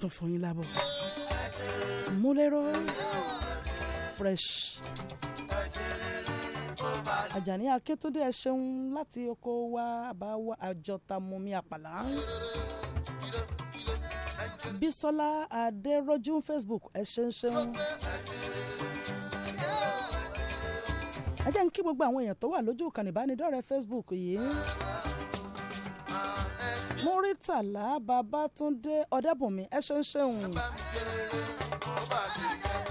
tún fún múlẹ́rọ́ fresh àjàní akétúndé ẹ ṣeun láti oko wa bá wa àjọta mumi àpàlà bísọ́lá adérọ́jú facebook ẹ ṣeun ṣeun ẹ jẹ́ ń kí gbogbo àwọn èèyàn tó wà lójú ìkànnì facebook yìí. Múrítàlá Babátúndé Ọ̀dẹ́bùnmi ẹ̀ṣẹ̀ ń ṣeun.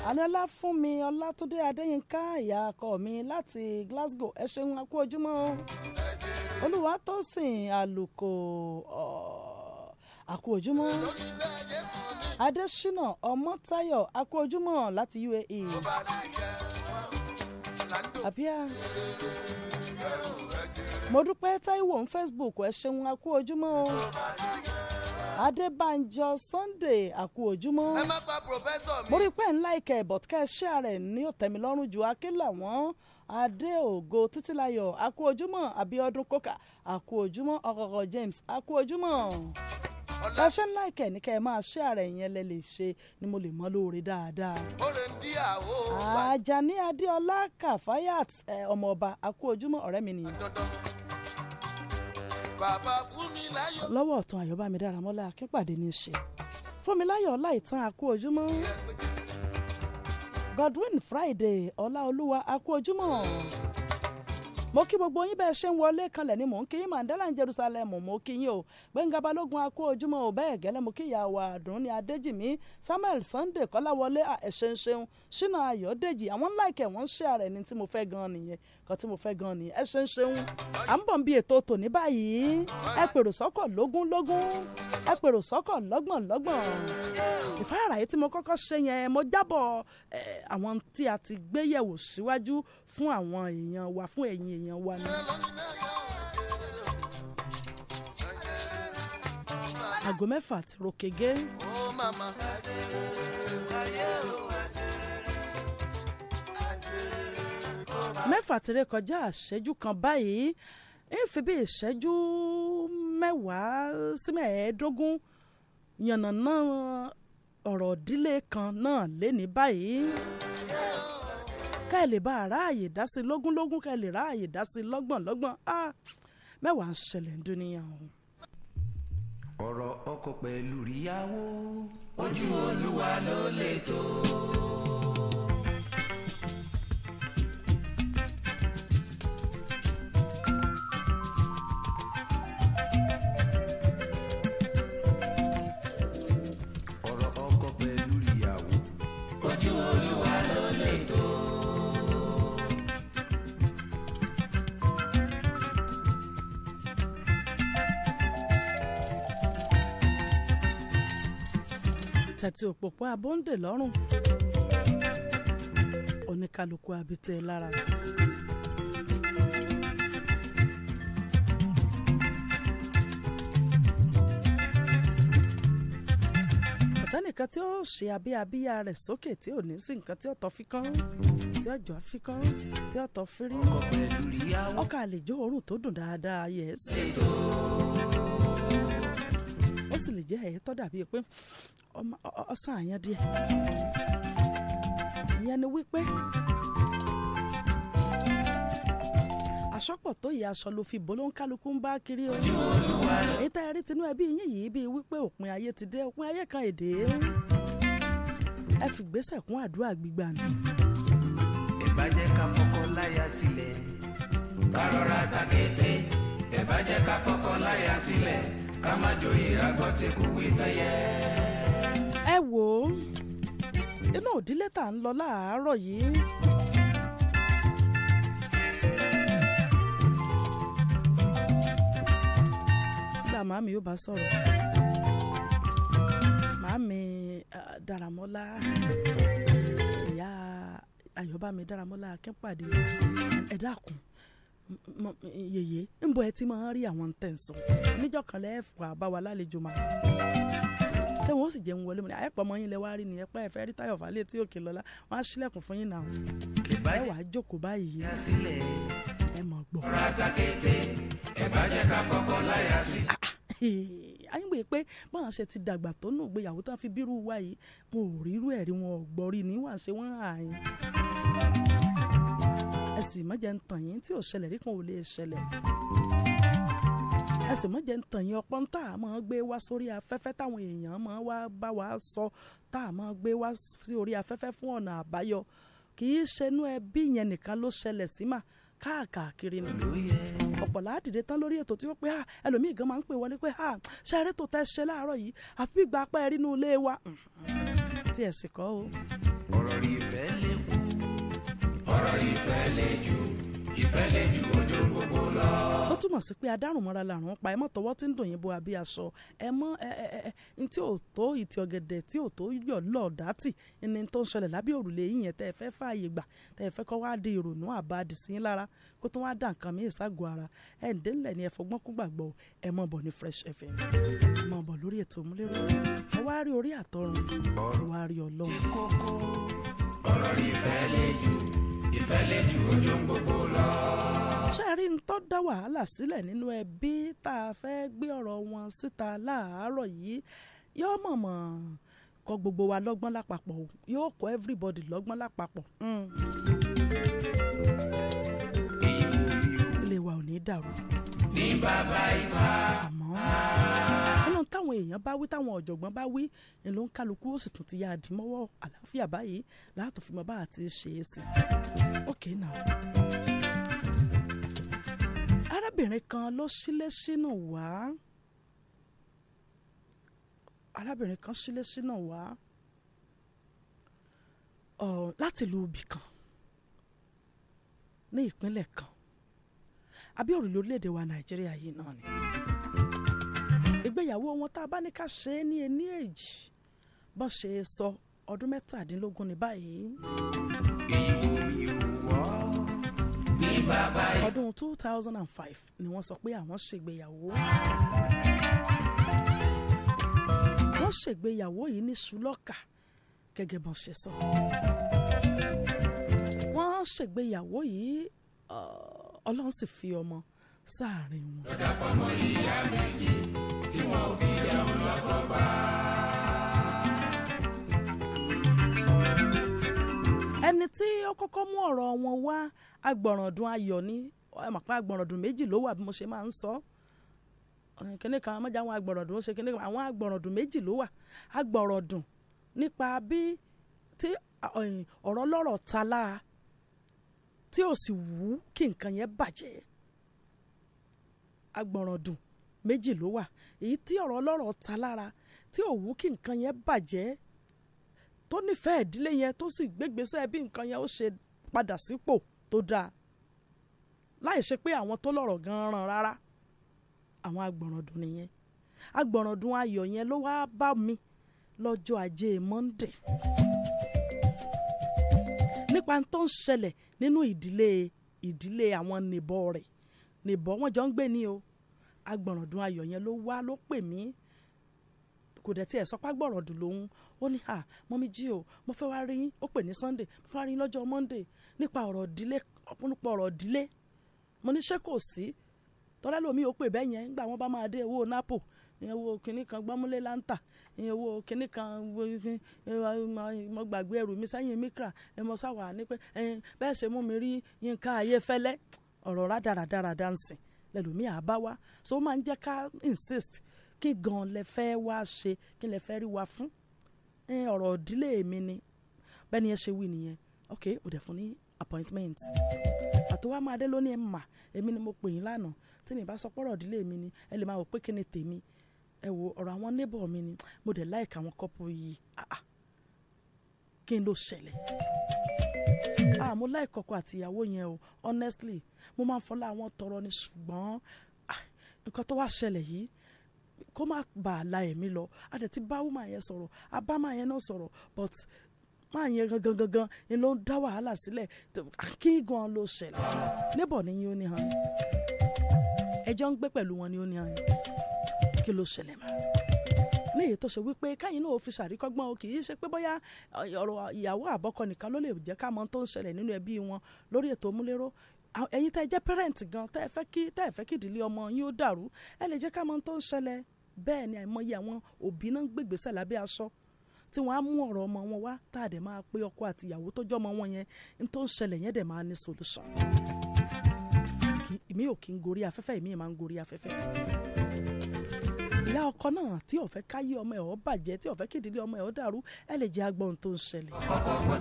Aniola Fúnmi Ọlátúndé Adéyínká ìyá mi láti Glasgow ẹ ṣeun akú ojúmọ́. Olúwatósìn Àlùkò akú ojúmọ́. Adésínà Ọmọ́táyọ̀ akú ojúmọ́ láti UAE. Àbíà mo dúpẹ́ Táíwò ní Facebook ẹ ṣeun a kú ojúmọ́ o Sunday a kú ojúmọ́ mo rí pé ńlá ìkẹ́ but kẹ́ ẹ ṣé ara ẹ̀ ní òtẹ́milọ́rùn ju akélà wọ́n adéògo títílayọ̀ a kú ojúmọ́ Abíọ́dún Kókà a ojúmọ́ ọ̀gọ̀gọ̀ James a ojúmọ́ ẹ ṣe ń láìkẹ́ ní kẹ́ ẹ máa ṣé ààrẹ yẹn lẹ lè ṣe ni mo lè mọ lóore dáadáa. Àjàní Adéọlá Kafayat ọmọọba akú ojúmọ́ mi nìyẹn lọ́wọ́ ọ̀tún àyọ̀bámi dáramọ́lá akínpàdé ní í ṣe fúnmiláyọ̀ ọlá ìtàn Godwin Friday ọláolúwa akú ojúmọ́ mo kí gbogbo yín bẹ́ẹ̀ ṣe ń wọlé kanlẹ̀ ni mò ń kí yín mandela ń jerusalem mo kí yín o gbẹ̀ngà balógun akó ojúmọ́ ò bẹ́ẹ̀ gẹ́lẹ́ mo kí ìyàwó àdùnní adéjìmí samuel sunday kọ́láwọlé ẹ̀ṣẹ̀ ṣeun ṣínà ayọ̀dèjì àwọn ńlá ìkẹ́ wọ́n ń ṣe ààrẹ ní tí mo fẹ́ gan nìyẹn kan tí mo fẹ́ gan nìyẹn ẹ̀ṣẹ̀ ṣeun à ń bọ̀ bí ètò tòní báyìí ẹ pèrò sọ́kọ̀ lógún lógún ẹ pèrò sọ́kọ̀ lọ́gbọ̀n lọ́gbọ̀n ìfáàràyè tí mo kọ́kọ́ ṣe yẹn mo jábọ̀ àwọn tí a ti gbéyẹ̀wò síwájú fún àwọn èèyàn wa fún ẹ̀yin èèyàn wa ni. aago mẹ́fà ti ro kege. mẹ́fà ti ré kọjá àṣẹ́jú kan báyìí ń fi bí ìṣẹ́jú mẹ́wàá sí mẹ́ẹ̀ẹ́dógún yànnàná ọ̀rọ̀ ìdílé kan náà lé ní báyìí ká ẹ lè bá aráàyè dá sí lógúnlógún ká ẹ lè ráàyè dá sí lọ́gbọ̀nlọ́gbọ̀n mẹ́wàá ń ṣẹlẹ̀ ń dúníyà ọ̀hún. ọ̀rọ̀ ọkọ pẹ̀lú ìyàwó ojú olúwa ló lè tó. tàti òpópó abóńdè lọ́rùn oníkálukú abitẹ lára. sẹ́nìkan tí ó ṣe abíyabíyá rẹ̀ sókè tí ò ní sí nǹkan tí ó tọ́ fi kán tí ó jọ fi kán tí ó fi rí ọkà àlejò oorun tó dùn dáadáa yẹ́sì ó sì lè jẹ́ èyí tó dàbí pé ọsàn àyàn díẹ̀ ìyẹn ni wípé àṣọpọ̀ tó yẹ aṣọ ló fi bó ń bá kiri o èyí tá a rí tinú ẹbí yín yìí bíi wípé òpin ayé ti dé òpin ayé kan èdè ẹ fi gbèsè kún àdúrà gbígbà ni. ìbàjẹ́ ká fọkọ láyà sílẹ̀ ká rọra tàkété ìbàjẹ́ ká fọkọ láyà sílẹ̀. ẹ wò ó inú òdílé tá à ń lọ láàárọ̀ yìí. nígbà màámi yóò bá sọ̀rọ̀ màámi ìyá mi akẹ́pàdé yèyé ńbọ ẹ ti máa ń rí àwọn tẹ̀ ń sọ níjọ́ kan lẹ́ẹ̀fọ́ àbáwá lálejò máa ṣé wọn ó sì jẹun wọlé mu ni àyẹ̀pọ̀ ọmọ yín lẹ wá rí ni ẹ̀pẹ́ ẹ̀fẹ́ rí Táyọ̀ Fálé tí òkè lọ́lá wọn á ṣílẹ̀kùn fún yín náà ẹ wàá jókòó báyìí ẹ mọ̀ gbọ́. ọ̀rọ̀ àtàkété ẹ jẹ́ ká fọkọ láyà sí àyìnbó ah, ah, eh, yìí pé báwọn ṣe ti dàgbà tó nù gbéyàwó tán fi bírú wa yìí wọn ò ẹ̀rí wọn ò gbọ́rí ni wọ́n ṣe wọ́n àyìn sì má ń tàn yín tí ò ṣẹlẹ̀ rí kan ò lè ṣẹlẹ̀ ẹ sì ń tàn yín ọpọ́n tá a máa gbé wá sórí afẹ́fẹ́ táwọn èèyàn máa wá bá wa sọ tá a máa gbé wá sí orí afẹ́fẹ́ fún ọ̀nà àbáyọ kì í ṣenú ẹbí yẹn nìkan ló ṣẹlẹ̀ sí mà káàkiri ni ọ̀pọ̀ láàdìde tán lórí ètò tí ó pé ẹlòmíì gan máa ń pè wọlé pé ṣe eré tó tẹ́ ṣe láàárọ̀ yìí àfi gbà apá ẹ ilé wa tí ẹ̀ sì kọ́ o. ọ̀rọ̀ rí ìfẹ́ lè kú ọ̀rọ̀ ìfẹ́ le jù ìfẹ́ le jù ojú gbogbo lọ. ó túmọ̀ sí pé adárùnmọ́ra làrùn pa ẹ mọ́ tọwọ́ tí ń dùn yín bo àbí aṣọ ẹ mọ́ ẹ ẹ ẹ n tí ò tó ìtì ọ̀gẹ̀dẹ̀ tí ò tó yọ̀ lọ́ọ̀dátì ni tó ń ṣẹlẹ̀ lábẹ́ òrùlé yín yẹn tẹ́ ẹ fẹ́ fààyè gbà tẹ́ ẹ fẹ́ kọ́ wá di ìrònú àbáàdì sí yín lára kó tó wá dà nǹkan mí ìságò ara ẹ̀ ń délẹ̀ ni ẹ fọgbọ́n kú gbàgbọ́ ẹ mọ̀ bọ̀ ní Fresh FM ẹ mọ̀ bọ̀ lórí ètò òmùlérò ẹ wá rí orí àtọrun ẹ wá rí Ọlọ́run. ọ̀rọ̀ ìfẹ́ lè jù ìfẹ́ lè ju ojú gbogbo lọ. ṣáàrí ń tọ́ dá wàhálà sílẹ̀ nínú ẹbí tá a fẹ́ gbé ọ̀rọ̀ wọn síta láàárọ̀ yìí yóò mọ̀mọ́ kọ́ gbogbo wa lọ́gbọ́n lápapọ̀ yóò kọ́ everybody lọ́gbọ́n lápapọ̀. Hmm. ilé wa ò ní dàrú ní bàbá ifá. àmọ́ nínú táwọn èèyàn bá wí táwọn ọ̀jọ̀gbọ́n bá wí ni ló ń kálukú ó sì tún ti yá àdìmọ́wọ́ àlàáfíà báyìí láàtò bá àti ṣe é sí i. okay now arábìnrin kan ló sílé sínú wá arábìnrin kan sílé sínú wá láti lu ibì kan ní ìpínlẹ̀ kan abíọ̀rùlé orílẹ̀-èdè wa nàìjíríà yìí náà ni. ìgbéyàwó wọn tá a bá ní ká ṣe é ní ení èjì bọ́n ṣe é sọ ọdún mẹ́tàdínlógún ní báyìí. ọdún two thousand and five ni wọ́n sọ pé àwọn ṣègbéyàwó wọ́n ṣègbéyàwó yìí ní ṣùlọ́kà gẹ́gẹ́ bọ́n ṣe sọ. wọ́n ṣègbéyàwó yìí. Uh, ọlọ́run sì fi ọmọ sáàrin wọn. lọ́dà fọmọ ìyá méjì tí wọn ò fi jẹun lọ́kọ̀ bá. ẹni tí ó kọ́kọ́ mú ọ̀rọ̀ wọn wá agbọ̀ràndùn ayọ̀ ni àmọ̀pá agbọ̀ràndùn méjì ló wà bí mo ṣe máa ń sọ kíní kan mọ́jà àwọn agbọ̀ràndùn ó ṣe kíní àwọn agbọ̀ràndùn méjì ló wà agbọ̀ràndùn nípa bí tí ọ̀rọ̀ lọ́rọ̀ ta lára tí ò sì wù ú kí nǹkan yẹn bàjẹ́ agbọ̀nràndùn méjì ló wà èyí tí ọ̀rọ̀ ọlọ́rọ̀ ta lára tí ò wù ú kí nǹkan yẹn bàjẹ́ tó nífẹ̀ẹ́ ìdílé yẹn tó sì gbégbésẹ̀ bí nǹkan yẹn ó ṣe padà sípò tó dáa láì ṣe pé àwọn tó lọ́rọ̀ gan-an rárá àwọn agbọ̀nràndùn nìyẹn agbọ̀nràndùn ayọ̀ yẹn ló wáá bá mi lọ́jọ́ ajé monde nípa tó ń ṣẹlẹ̀ nínú ìdílé ìdílé àwọn nìbọ rẹ̀ nìbọ wọn jọ ń gbé ní o agbọ̀rọ̀dún ayọ̀ yẹn ló wá ló pè mí kò dẹ̀ tiẹ̀ sọ pàgbọ̀rọ̀dún lòun ó ní à mọ́mí jí o mo fẹ́ wá rí yín ó pè ní Sunday mo fẹ́ wá rí yín lọ́jọ́ Monday nípa ọ̀rọ̀ ìdílé nípa ọ̀rọ̀ ìdílé mo ní ṣé kò sí tọ́lá lómi ò pè bẹ́ẹ̀ yẹn nígbà wọn bá máa dé owó napo ìyẹn wo kìnnìkan gbọ́múlé lanta owó kínní kan mo gbàgbé ẹrù mi sẹ́yìn mikra mo sáwà ní pé bẹ́ẹ̀ ṣe mú mi rí Yínká Ayéfẹ́lẹ́ ọ̀rọ̀ rádaràdarà dancing lẹ́lòmíì àbáwá so ó máa ń jẹ́ ká insist kí gan lẹ fẹ́ wá ṣe kí lẹ fẹ́ rí wa fún ọ̀rọ̀ ìdílé mi ni bẹ́ẹ̀ ni ẹ ṣe wí nìyẹn ok mo dẹ̀ fún ní appointment àtúwá máa dé lónìí ẹ̀ mà èmi ni mo pè yín lánàá tí mi bá sọ pọ́rọ̀ ìdílé mi ni ẹ lè máa wò pé kí ni tèmi ẹ wo ọ̀rọ̀ àwọn neighbor mi ni mo dẹ̀ láìka àwọn couple yìí ah, ah. kí n ló ṣẹlẹ̀ ah, mo láì kọkọ àti ìyàwó yẹn o honestly mo máa ń fọlá àwọn tọrọ ni ṣùgbọ́n nǹkan tó wá ṣẹlẹ̀ yìí kó má bàa la ẹ̀mí lọ a dẹ̀ ti bá wúmà yẹn sọ̀rọ̀ a bá má yẹn náà sọ̀rọ̀ but má yẹn gangan gangan ni ló ń dá wàhálà sílẹ̀ kí gan ló ṣẹlẹ̀ neighbor ni yín ó ní hàn ẹjọ́ ń gbé pẹ̀lú wọn ni ó ní hàn yín kí ló ṣẹlẹ̀ mọ́ léyìí tó ṣe wípé káyìn náà fi ṣàríkọ́gbọ́n o kì í ṣe pé bóyá ọ̀rọ̀ ìyàwó àbọ́kọ nìkan ló lè jẹ́ ká mọ tó ń ṣẹlẹ̀ nínú ẹbí wọn lórí ètò múlẹ́rọ́ ẹ̀yin tẹ́ ẹ jẹ́ parent gan tẹ́ ẹ fẹ́ kí tẹ́ ẹ fẹ́ kí ìdílé ọmọ yín ó dàrú ẹ lè jẹ́ ká mọ tó ń ṣẹlẹ̀ bẹ́ẹ̀ ni àìmọye àwọn òbí náà ń gbègbèsè lábẹ́ aṣọ tí wọ́n á mú ọ̀rọ̀ ọmọ wọn wá tá a dẹ̀ máa pé ọkọ àti ìyàwó tó jọ́ ọmọ wọn yẹn n tó ń ṣẹlẹ̀ yẹn dẹ̀ máa ní solution. èmi ò kí ń gorí afẹ́fẹ́ èmi máa ń gorí afẹ́fẹ́ ìyá ọkọ náà tí ò fẹ́ káyé ọmọ ẹ̀ ọ́ bàjẹ́ tí ò fẹ́ kéde ọmọ ẹ̀ ọ́ dàrú ẹ lè jẹ́ agbọ́n tó ń ṣẹlẹ̀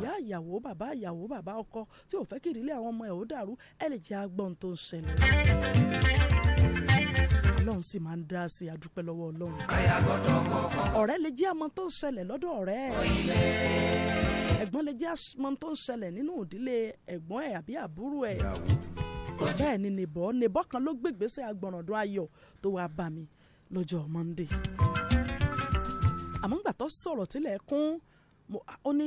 ìyá ìyàwó bàbá ìyàwó bàbá ọkọ tí ò fẹ́ kéde àwọn ọmọ ẹ̀ ọ́ dàrú ẹ lè jẹ́ agbọ́n tó ń ṣẹlẹ̀ ọlọ́run sì máa ń dá sí adúpẹ́ lọ́wọ́ ọlọ́run. ọ̀rẹ́ lè jẹ́ àmọ́ tó ń ṣẹlẹ̀ lọ́dọ̀ ọ̀rẹ́ bẹ́ẹ̀ ni nìbọ́ nìbọ́ kan ló gbégbèsè agbọ̀nràndún ayọ̀ tó wàá bá mi lọ́jọ́ Monday àmọ́ ńgbà tó sọ̀rọ̀ tilẹ̀ kún ó ní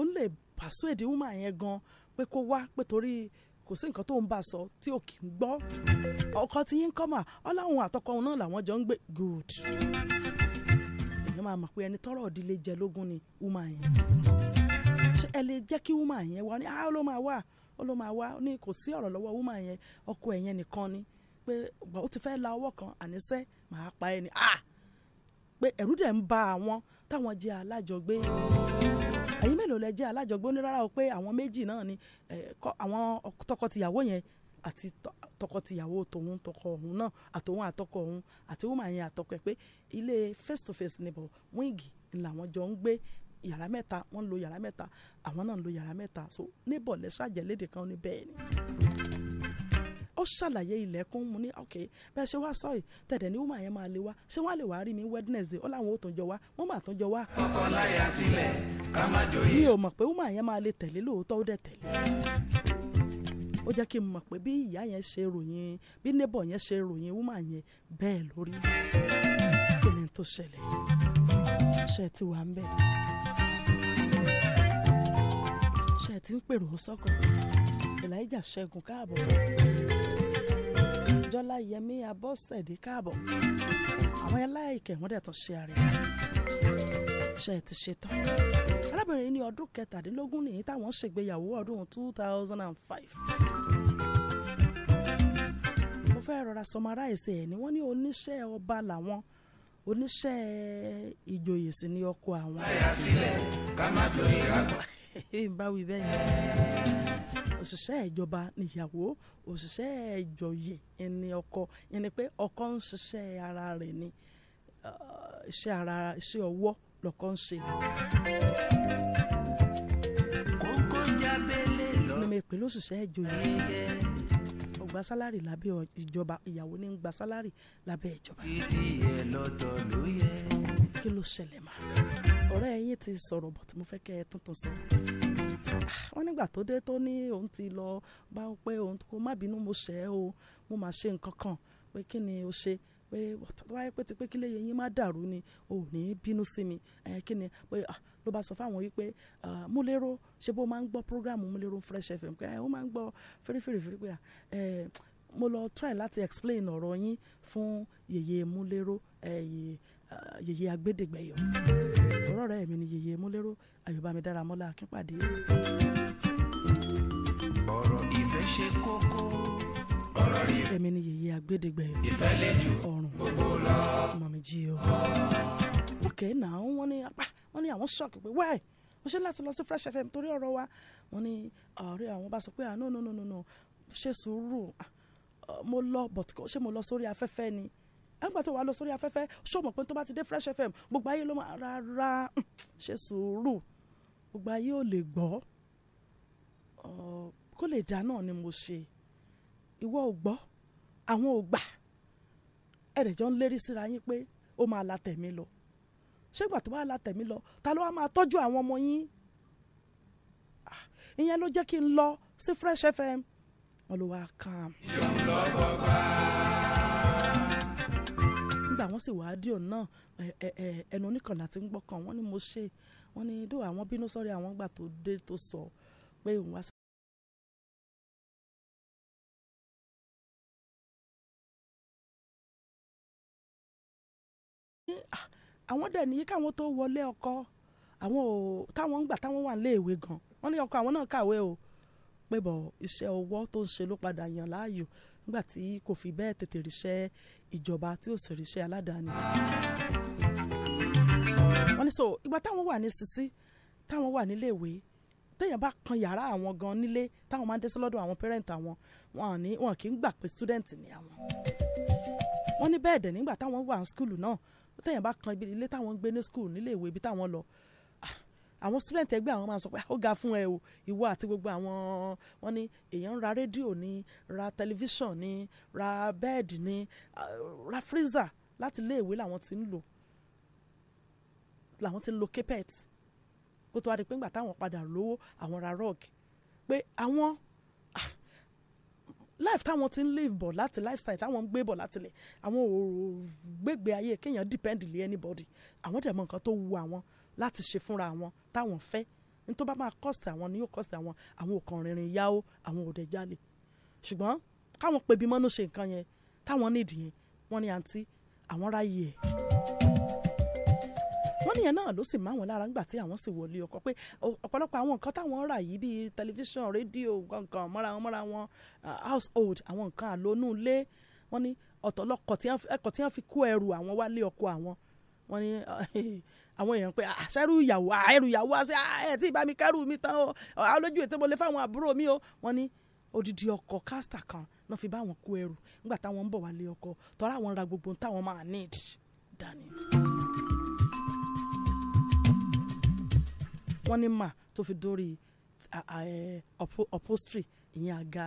ó lè persuade woman yẹn gan pé kó wá pé torí kò sí nǹkan tó ń bá a sọ tí ò kì í gbọ́ ọkọ tí yín kọ́mà ọláhùn àtọkọ òun náà làwọn jọ ń gbé good èèyàn máa mọ̀ pé ẹni tọ́rọ̀ òdìlé jẹ lógún ni woman yẹn ṣé ẹ lè jẹ́ kí woman yẹn wá ní ah ló máa wà ó ló máa wá ó ní kò sí ọ̀rọ̀ lọ́wọ́ woman yẹn ọkọ ẹ̀yẹn nìkan ni pé ó ti fẹ́ la ọwọ́ kan àníṣẹ́ màá pa ẹni pé ẹ̀rú dẹ̀ ń ba àwọn táwọn jẹ́ alájọgbé ẹ̀yin mélòó lẹ jẹ́ alájọgbé ní rárá o pé àwọn méjì náà ni àwọn tọkọtìyàwó yẹn àti tọkọtìyàwó tòun tọkọ òun náà àtòun àtọkọ òun àti wọ́n àyẹn àtọkọ ẹ̀ pé ilé face to face níbọ̀ wíńgì ńlá wọn jọ ń gbé yàrá mẹ́ta wọ́n ń lo yàrá mẹ́ta àwọn náà ń lo yàrá mẹ́ta so níbọ̀ lẹ́sàjẹ́ léde kan ní bẹ́ẹ̀ ni ó ṣàlàyé ilẹ̀kùn mu ní ok bẹ́ẹ̀ ṣe wá sọ yìí tẹ̀dẹ̀ ní woman yẹn máa lè wá ṣé wọ́n á lè wá rí mi wednesday ó láwọn ò tún jọ wá wọ́n máa tún jọ wá. ọkọ láyà sílẹ̀ ká má jòyè. mi ò mọ̀ pé woman yẹn máa lè tẹ̀lé lóòótọ́ ó dẹ̀ tẹ̀lé ó jẹ́ kí n mọ̀ pé bí ìyá yẹn ṣe ròyìn bí neighbor yẹn ṣe ròyìn woman yẹn bẹ́ẹ̀ lórí kí tó ṣẹlẹ̀ elijah ṣẹ́gun káàbọ̀ jọlá yẹmí abọ́sẹ̀dé káàbọ̀ àwọn aláìkẹ́ wọ́n dẹ̀ tán ṣe ààrẹ ṣe ti ṣe tán arábìnrin ní ọdún kẹtàdínlógún nìyí táwọn ṣègbéyàwó ọdún two thousand and five mo fẹ́ rọra summarize ẹ̀ ni wọ́n ní oníṣẹ́ ọba làwọn oníṣẹ́ ìjòyè sì ni ọkọ àwọn. láyà sílẹ̀ ká má jòyè àgbà n bá wí bẹ́ẹ̀ yẹn òṣìṣẹ́ ìjọba níyàwó òṣìṣẹ́ ìjòyè ẹni ọkọ ẹni pé ọkọ ń ṣiṣẹ́ ara rẹ̀ ni iṣẹ́ ara iṣẹ́ ọwọ́ lọ́kọ ń ṣe. kókó jábélé lọ. ní mi pè lóṣìṣẹ́ ìjòyè gba sálárì lábẹ́ ìjọba ìyàwó ní gba sálárì lábẹ́ ìjọba. kí ló ṣẹlẹ̀ ọ̀rẹ́ yín ti sọ̀rọ̀ bọ̀ tí mo fẹ́ kẹ́ ẹ tuntun sọ. Ah, wọ́n nígbà tó dé tó ní òun ti lọ bá ó pé òun kò má bínú mo ṣẹ̀ o mo máa ṣe nǹkan kan pé kí ni o ṣe pé wáyé pé ti pé kílé yẹn yín má dàrú ni o ò ní bínú sí mi kí ni pé ah, ló bá sọ fáwọn yìí pé múlẹ́rọ ṣe bó máa ń gbọ́ prógráàmù múlẹ́rọ fresh fm pé ó máa ń gbọ́ fírífírífírí pé mo lọ try láti explain ọ̀rọ̀ yín fún yèyé múlẹ́rọ yèyé agbẹ́dẹ́gbẹ́yọ tọ́rọ̀ mm. rẹ̀ mi ni yèyé múlẹ́rọ́ àyùbámi dára mọ́lá akínpàdé. ọ̀rọ̀ ìfẹ́ ṣe kókó ọ̀rọ̀ rí. èmi ni yèyé agbẹ́dẹ́gbẹ́. ìfẹ́ lè ju ọ̀run gbogbo lọ. mọ̀mí jí o. òkè náà wọ́n ní apá ah, wọ́n ní àwọn ṣọ́ọ̀kì pé wáì mo ṣe láti lọ sí Fresh FM torí ọ̀rọ̀ wa wọ́n ní ọ̀rẹ́ àwọn bá sọ pé ah no no no no ṣe sùúrù ah, mo lọ bọ̀tùkọ́ ṣé mo lọ sórí afẹ́fẹ́ ni nígbà tó wà lọ sórí afẹ́fẹ́ ṣọmọ pé tó bá ti dé Fresh FM gbogbo ayé ló máa rárá mm, ṣe sùúrù gbogbo ayé ò lè gbọ́ kó lè dá náà ni mo ṣe ìwọ ò gbọ́ àwọn ò gbà ẹ̀rẹ̀jọ́ ń lérí síra yín pé ó máa la tẹ̀mí lọ ṣégbà tó bá la tẹ̀mí lọ ta ló wá máa tọ́jú àwọn ọmọ yín ah, ìyẹn ló jẹ́ kí n lọ sí Fresh FM wọn ló wá kàn án wọ́n sì wá díò náà ẹnu oníkànnà tí ń gbọ́ kan wọ́n ní mo ṣe wọ́n ní dó àwọn bínú sọ́rí àwọn gbà tó dé tó sọ pé òun wá sí. Ah, àwọn dẹ̀ ní káwọn tó wọlé ọkọ àwọn ò táwọn ń gbà táwọn wà nílé ìwé gan wọ́n ní ọkọ àwọn náà kàwé o pé bọ̀ iṣẹ́ ọwọ́ tó ń ṣe ló padà yàn láàyò nígbà tí kò fi bẹ́ẹ̀ tètè ríṣẹ́ ìjọba tí ò sì ríṣẹ́ aládàáni. wọ́n ní so ìgbà táwọn wà ní sisi táwọn wà níléèwé téèyàn bá kan yàrá àwọn gan nílé táwọn máa ń dé lọ́dọ̀ àwọn pẹ́rẹ́ǹtì àwọn wọn ní wọn kì í gbà pé student ni àwọn. wọ́n ní bẹ́ẹ̀ dẹ̀ nígbà táwọn wà ní skúlù náà téèyàn bá kan ilé táwọn ń gbé ní skúlù níléèwé ibi táwọn lọ àwọn student ẹgbẹ́ àwọn máa sọ pé ah, ó ga fún ẹ o ìwọ àti gbogbo àwọn wọn ni èèyàn ń ra rédíò ni ra tẹlifíṣàn ni ra bẹ́ẹ̀dì ni ah, ra freezer láti iléèwé làwọn ti ń lò làwọn ti ń lo capet kó tó wá di pé ńgbà táwọn padà lówó àwọn ra rug pé àwọn ah, life táwọn ti ń live bọ̀ láti lifestyle táwọn ń gbé bọ̀ láti lẹ̀ àwọn ò gbégbé ayé kéèyàn depend lé anybody àwọn dẹ̀ mọ nǹkan tó wu àwọn láti ṣe fúnra wọn táwọn fẹ́ ní tó bá máa kọ́sìtì àwọn ni yóò kọ́sìtì àwọn àwọn òkàn rìnrìn yáwó àwọn òde jalè ṣùgbọ́n káwọn pebi mọ́nú ṣe nǹkan yẹn táwọn nídìí yẹn wọ́n ní àǹtí àwọn ráyè ẹ̀ wọ́n níyẹn náà ló sì máwọn lára ńgbà tí àwọn sì wọlé ọkọ pé ọ̀pọ̀lọpọ̀ àwọn nǹkan táwọn rà yìí bíi tẹlifíṣàn rédíò gangan mọ́ra wọn mọ́ra wọn uh, household àwọn nǹkan àlónú ilé wọ́n ní ọ̀tọ̀lọ́kọ̀ tí wọ́n fi kó ẹrù àwọn wálé ọkọ àwọn wọ́n ní àwọn èèyàn pé àṣẹrù ah, ìyàwó àẹrù ah, ìyàwó àṣẹ ah, ẹ tí ìbámi kẹrù mi tán o alójú ètò mo lè fáwọn àbúrò mi o wọ́n ní odidi ọkọ̀ kásítà kan náà fi bá wọn kó ẹrù nígbà táwọn ń bọ̀ wálé ọkọ̀ tọ́ra àwọn ra gbogbo ohun táwọn máa need dání. wọ́n ní mà tó fi dórí upholstery ìyẹn àga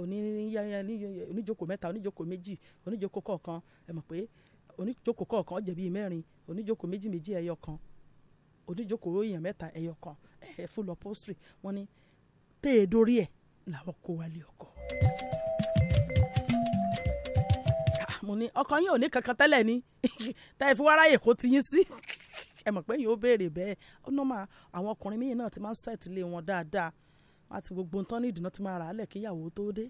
oníjókòó mẹ́ta oníjókòó méjì oníjókòó kọ̀ọ̀kan ẹ mọ̀ pé oníjókòó kọ̀ọ̀kan jẹ̀bi mẹ́rin oníjókòó méjì méjì ẹyọ kan oníjókòó èèyàn mẹ́ta ẹyọ kan ẹ̀ full upholstery wọ́n ní tẹ́ ẹ dórí ẹ̀ làwọn kó wálé ọkọ̀. Ah, mo ní ọkọ yín ò ní kankan tẹ́lẹ̀ ni tá ẹ fi wá ráyè kó ti yín sí ẹ mọ̀ pé yín ó béèrè bẹ́ẹ̀ ó ná máa àwọn ọkùnrin míyìn náà ti máa ń ṣẹ̀tìlé wọn dáadáa wọn àti gbogbo nǹkan ní ìdùnnà ti máa rà á lẹ̀ kíyàwó tó dé.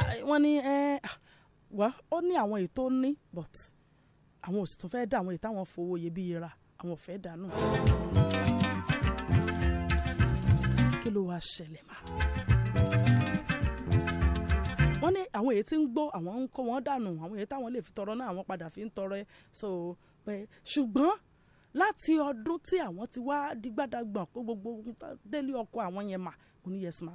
Ah, wọ́n ní wá ó ní àwọn èyí tó ní but àwọn ò sì tún fẹ́ dá àwọn èyí táwọn fowó iyebíye ra àwọn ò fẹ́ dànù. kí ló wàá ṣẹlẹ̀ mà? wọ́n ní àwọn èyí tí ń gbó àwọn ń kó wọn dànù àwọn èyí táwọn lè fi tọrọ náà àwọn padà fi ń tọrọ ẹ so pé ṣùgbọ́n láti ọdún tí àwọn ti wá di kó gbogbo délé ọkọ àwọn yẹn mà oníyẹsìmá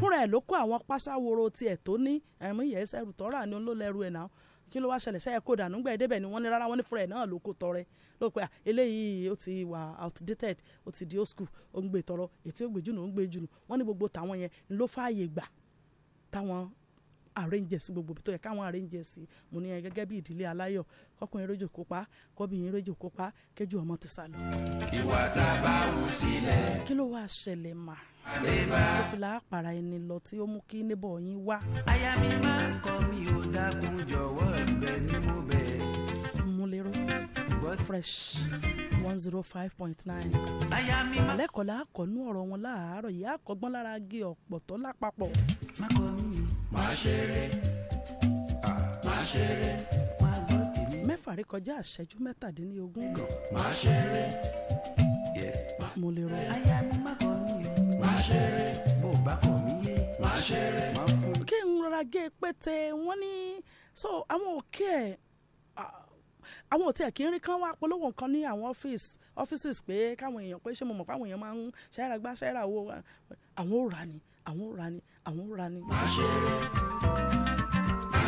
fúnra ẹ̀ ló kó àwọn pásáworo tiẹ̀ tó ní ẹ̀mú yẹn sẹ́rù tọ́ra ni ó ló lẹ́rù náà kí ló wá ṣẹlẹ̀ sẹ́yẹ kó dànù gbẹ̀ débẹ̀ ni wọ́n ní rárá wọ́n ní fúnra ẹ̀ náà ló kó tọrẹ ló pe eléyìí ó ti wà outdated ó ti di old school ó ń gbé tọrọ ètí ó gbé jùnú ó ń gbé jùnú wọ́n ní gbogbo tàwọn yẹn ló fààyè gbà táwọn arrangers gbogbo tó yẹ káwọn arrangers mo ní yẹn gẹ́gẹ́ bí ìdílé aláyọ̀ kọkùnrin rojò kópa kọbìnrin rojò kópa kẹjú ọmọ ti sá ìwà tá a bá wù sílẹ̀. kí ló wá ṣẹlẹ̀ máa tó fi láàpàrà ẹni lọ tí ó mú kí níbọ̀ yín wá. aya mi máa ń kọ́ mi ò dákun jọ̀wọ́ ẹ̀bẹ̀ ni mo bẹ̀. múlẹ́rọ fresh one zero five point nine. aya mi máa. lẹ́kọ̀ọ́ láàkọ́nú ọ̀rọ̀ wọn láàárọ̀ ìyá àkọ́gbọ́n lára gé ọ̀pọ̀tọ́ lápapọ̀. má kọ́ mi. máa ṣeré máa ṣeré. mẹ́fà rí kọjá àṣẹjú mẹ́tàdínlógún. máa ṣeré. gé pété wọ́n ní so àwọn òkè ẹ̀ àwọn òtí ẹ̀ kí n rí kán wá polówó nǹkan ní àwọn ọ́fíìsì ọ́fíìsì pé káwọn èèyàn pé ṣé mo mọ̀ káwọn èèyàn máa ń ṣẹ́ra gbá ṣẹ́ra owó àwọn ò rà ní àwọn ò rà ní àwọn ò rà ní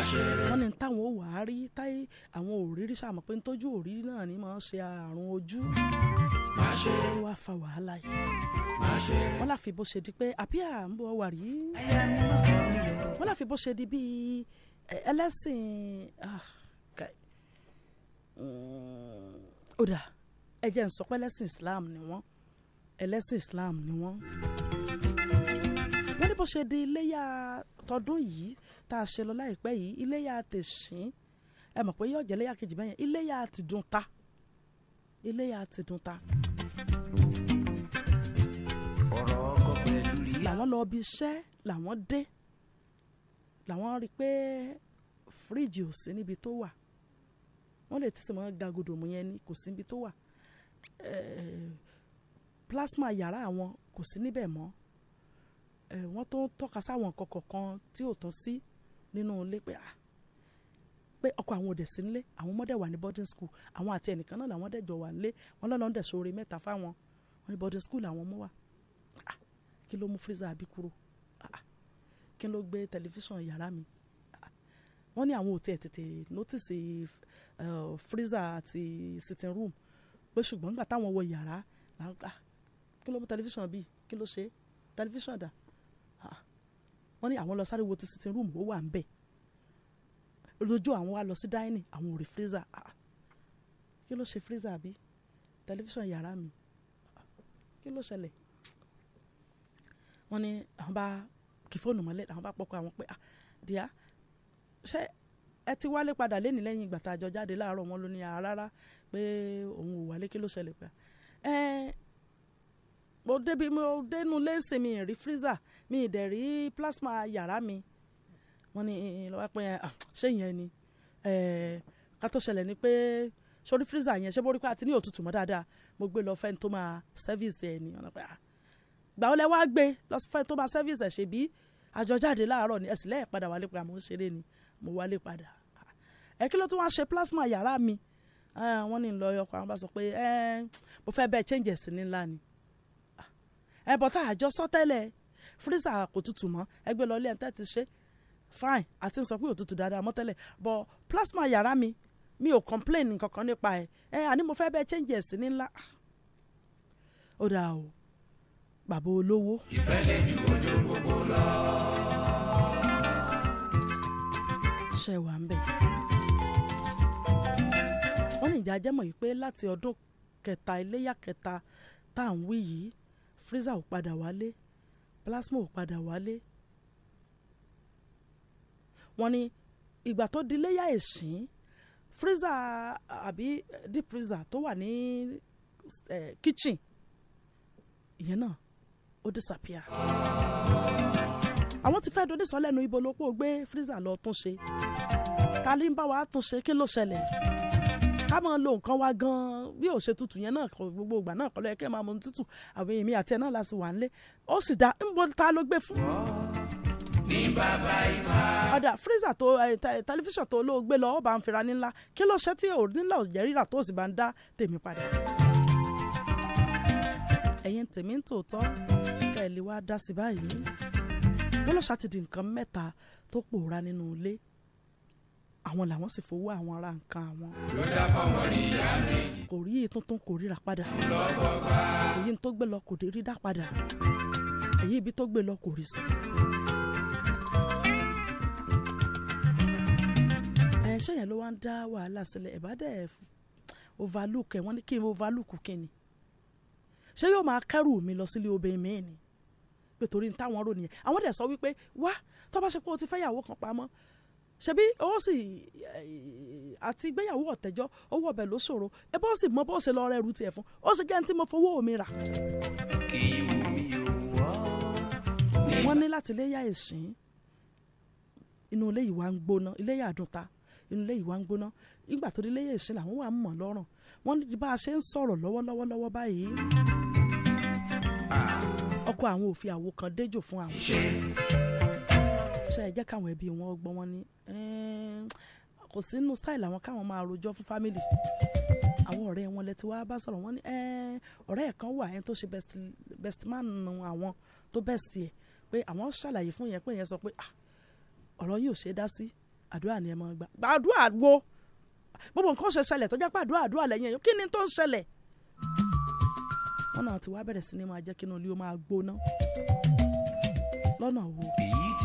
wọ́n ní táwọn ò wá rí táyé àwọn òrírí sàmọ̀ pé ntójú òrírí náà ni máa ń ṣe àrùn ojú ó wá fa wàhálà yìí wọ́n láfi bó ṣe di pé àbíà ń bọ̀ wà rí wọ́n láfi bó ṣe di bíi ẹlẹ́sìn ọ̀dà ah, mm, ẹ jẹ́ sọ pé ẹlẹ́sìn Islam ni wọ́n ẹlẹ́sìn Islam ni wọ́n wọ́n ní bó ṣe di iléyà tọdún yìí tá a ṣe lọ láìpẹ́ yìí iléyà ti sìn ẹ mọ̀ pé yóò jẹ́ iléyà kejì bẹ́yẹn iléyà ti dùn ta iléyà ti dùn ta. ọ̀rọ̀ ọkọ pẹ̀lú rí. làwọn lọ bí iṣẹ́ làwọn dé làwọn rí i pé fíríjì ò sí níbi tó wà wọ́n lè tẹ̀sí mọ́ gagodo mu yẹn ni kò sí níbi tó wà plasma yàrá àwọn kò sí níbẹ̀ mọ́ wọ́n tó ń tọ́ka sáwọn kọ̀ọ̀kan tí ò tán sí nínú ilé pé ah pé ọkọ àwọn òde sí nílé àwọn ọmọdé wà ní boarding school àwọn àti ẹnìkan náà làwọn dẹjọ wà nílé wọn lọ́lọ́ ń dẹ̀sọ oore mẹ́ta fáwọn wọn ní boarding school làwọn ọmọ wà ah kí ló mú freezer àbí kúrò ah, ah kí ló gbé tẹlifíṣàn yàrá mi ah, ah. wọn ní àwọn ò tiẹ̀ tètè notice uh, eh, freezer àti sitting room pé ṣùgbọ́n nígbà táwọn wọ yàrá là ń gbà ah, kí ló mú tẹlifíṣàn bíi kí ló ṣe tẹlifíṣàn dà wọ́n ní àwọn lọ sáré wo ti sitting room ó wà ń bẹ̀ lójú àwọn wá lọ sí dining àwọn ò rí freezer ah, ah. kí ló ṣe freezer àbí tẹlifíṣàn yàrá mi ah, kí ló ṣẹlẹ̀ wọ́n ní àwọn bá kì fóònù mọ́lẹ̀ àwọn bá pọ̀kọ àwọn pé ah díà ṣé ẹ ti wálé padà lẹ́nìí lẹ́yìn ìgbà tá a jọ jáde láàárọ̀ wọn ló ní rárá pé òun ò wálé kí ló ṣẹlẹ̀ pé ẹ mo débi mo dénú léèsì mi rí freezer mi dẹ̀ rí plasma yàrá mi wọ́n ní eh, lọ́wọ́ pé ah, ṣé ìyẹn ni eh, ká tó ṣẹlẹ̀ ni pé sórí freezer yẹn ṣé bó rí pé àti ní òtútù mọ́ dáadáa mo gbé lọ fẹ́ni tó máa service ẹ̀ ni ọ̀nà pé ah. gbà ó lẹ wá gbé lọ fẹ́ni tó máa service ẹ̀ ṣe bí àjọjáde láàárọ̀ ni ẹ̀sìn lẹ́yìn padà wálé padà mò ń ṣeré ni mo wálé padà ah. ẹ kí ló tún wáá ṣe plasma yàrá mi wọ́n ní lọ ọkọ̀ àwọn bá sọ pé eh, mo fẹ́ bẹ́ẹ̀ change ẹ̀sìn ńlá ni ẹbọ tá a jọ sọ tẹ́lẹ̀ fírísà kò tutù mọ́ ẹgbẹ́ lọ ilé ẹ̀ tẹ́ ti ṣe fine àti sọ pé òtútù dáadáa mọ́ tẹ́lẹ̀ but plasma yàrá mi mi ò complain kankan nípa ẹ̀ ẹ̀ àní mo fẹ́ bẹ́ẹ̀ change ẹ̀ sí ní ńlá ó dáa o bàbá olówó. ìfẹ́ lè ju ojú gbogbo lọ. ṣe wà ń bẹ̀. wọ́n ní ìjà jẹ́mọ̀ yìí pé láti ọdún kẹta iléyà kẹta tá à ń wí yìí freezer ò padà wálé plasma ò padà wálé wọ́n ní ìgbà tó di léyà ẹ̀sìn freezer àbí deep freezer tó wà ní kitchen ìyẹn náà ó disappear àwọn ti fẹ́ dodé sọ lẹ́nu ibo ló pò gbé freezer lọ tún ṣe ta wa tún ṣe kí ló ṣẹlẹ̀ ká máa lo nǹkan wa gan bí ò ṣe tutù yẹn náà gbogbo ìgbà náà kọ́ yẹ kí máa mọ tutù àwọn èmi àti ẹ náà la sì wà nílé ó sì dá níbo ta ló gbé fún. ní bàbá ìfà. ọ̀dà freezer tó eh, tẹlifíṣàn tó ló gbé lọ ó bá ń fira nílá kí ló ṣe tí ò nílà òjẹ́ rírà tó sì bá ń dá tèmi padà. ẹ̀yin tèmi ń tòótọ́ kẹ́ ẹ̀ dá sí báyìí wọ́n lọ́ọ́ ṣàtìdí nǹkan mẹ́ta tó pòórá nínú ilé àwọn làwọn sì fowó àwọn ra nǹkan àwọn. lọ́dà fọwọ́ rí ìyá mi. kò rí iye tuntun kò ríra padà. lọ́wọ́ bá. èyí tó gbé lọ kò rí dá padà. èyí ibi tó gbé lọ kò rí sọ. ẹ̀ṣẹ́ yẹn ló wá ń dá wàhálà sílẹ̀ ìbádẹ́ overlook ẹ̀ wọ́n ní kí n overlook kí ni ṣé yóò máa kẹ́rù mi lọ sílé obìnrin mi ni pé torí táwọn rò nìyẹn àwọn dẹ̀ sọ wípé wá tó bá ṣe pé o ti fẹ́ yàwó kan pamọ́ ṣebí owó sì eh, àti gbéyàwó ọ̀tẹ́jọ́ owó ọbẹ̀ ló ṣòro ẹ bó sì mọ bó ṣe lọ rẹ́rù tiẹ̀ fún ó sì jẹ́ ní tí mo fowó mi rà. wọ́n ní láti iléyà ìsìn inú ilé yìí wá ń gbóná iléyà àdúntà inú ilé yìí wá ń gbóná nígbà tó dé iléyà ìsìn làwọn wà ń mọ̀ lọ́rùn wọ́n ní bá a ṣe ń sọ̀rọ̀ lọ́wọ́lọ́wọ́ báyìí ah. ọkọ àwọn òfin àwo kan déjò fún àwọn ṣe ẹ jẹ́ káwọn ẹbí wọn gbọ́ wọn ní kò sínú style àwọn káwọn máa rojọ́ fún family àwọn ọ̀rẹ́ wọn lẹ́tí wá bá sọ̀rọ̀ wọn ní ọ̀rẹ́ ẹ̀ kan wà ẹni tó ṣe best man àwọn tó best yẹ pé àwọn ṣàlàyé fún yẹn pé yẹn sọ pé ah, ọ̀rọ̀ yìí ò ṣe é dá sí àdúrà ni ẹ máa gbà gbàdúrà wo gbogbo nǹkan ṣe ṣẹlẹ̀ tó jẹ́ pé àdúrà àdúrà lẹ́yìn ẹ̀yọ́ kí ni tó ń ṣẹlẹ̀ wọn náà ti wá bẹ̀rẹ̀ sí ni máa jẹ́ kí inú ilé ó máa gbóná lọ́nà wo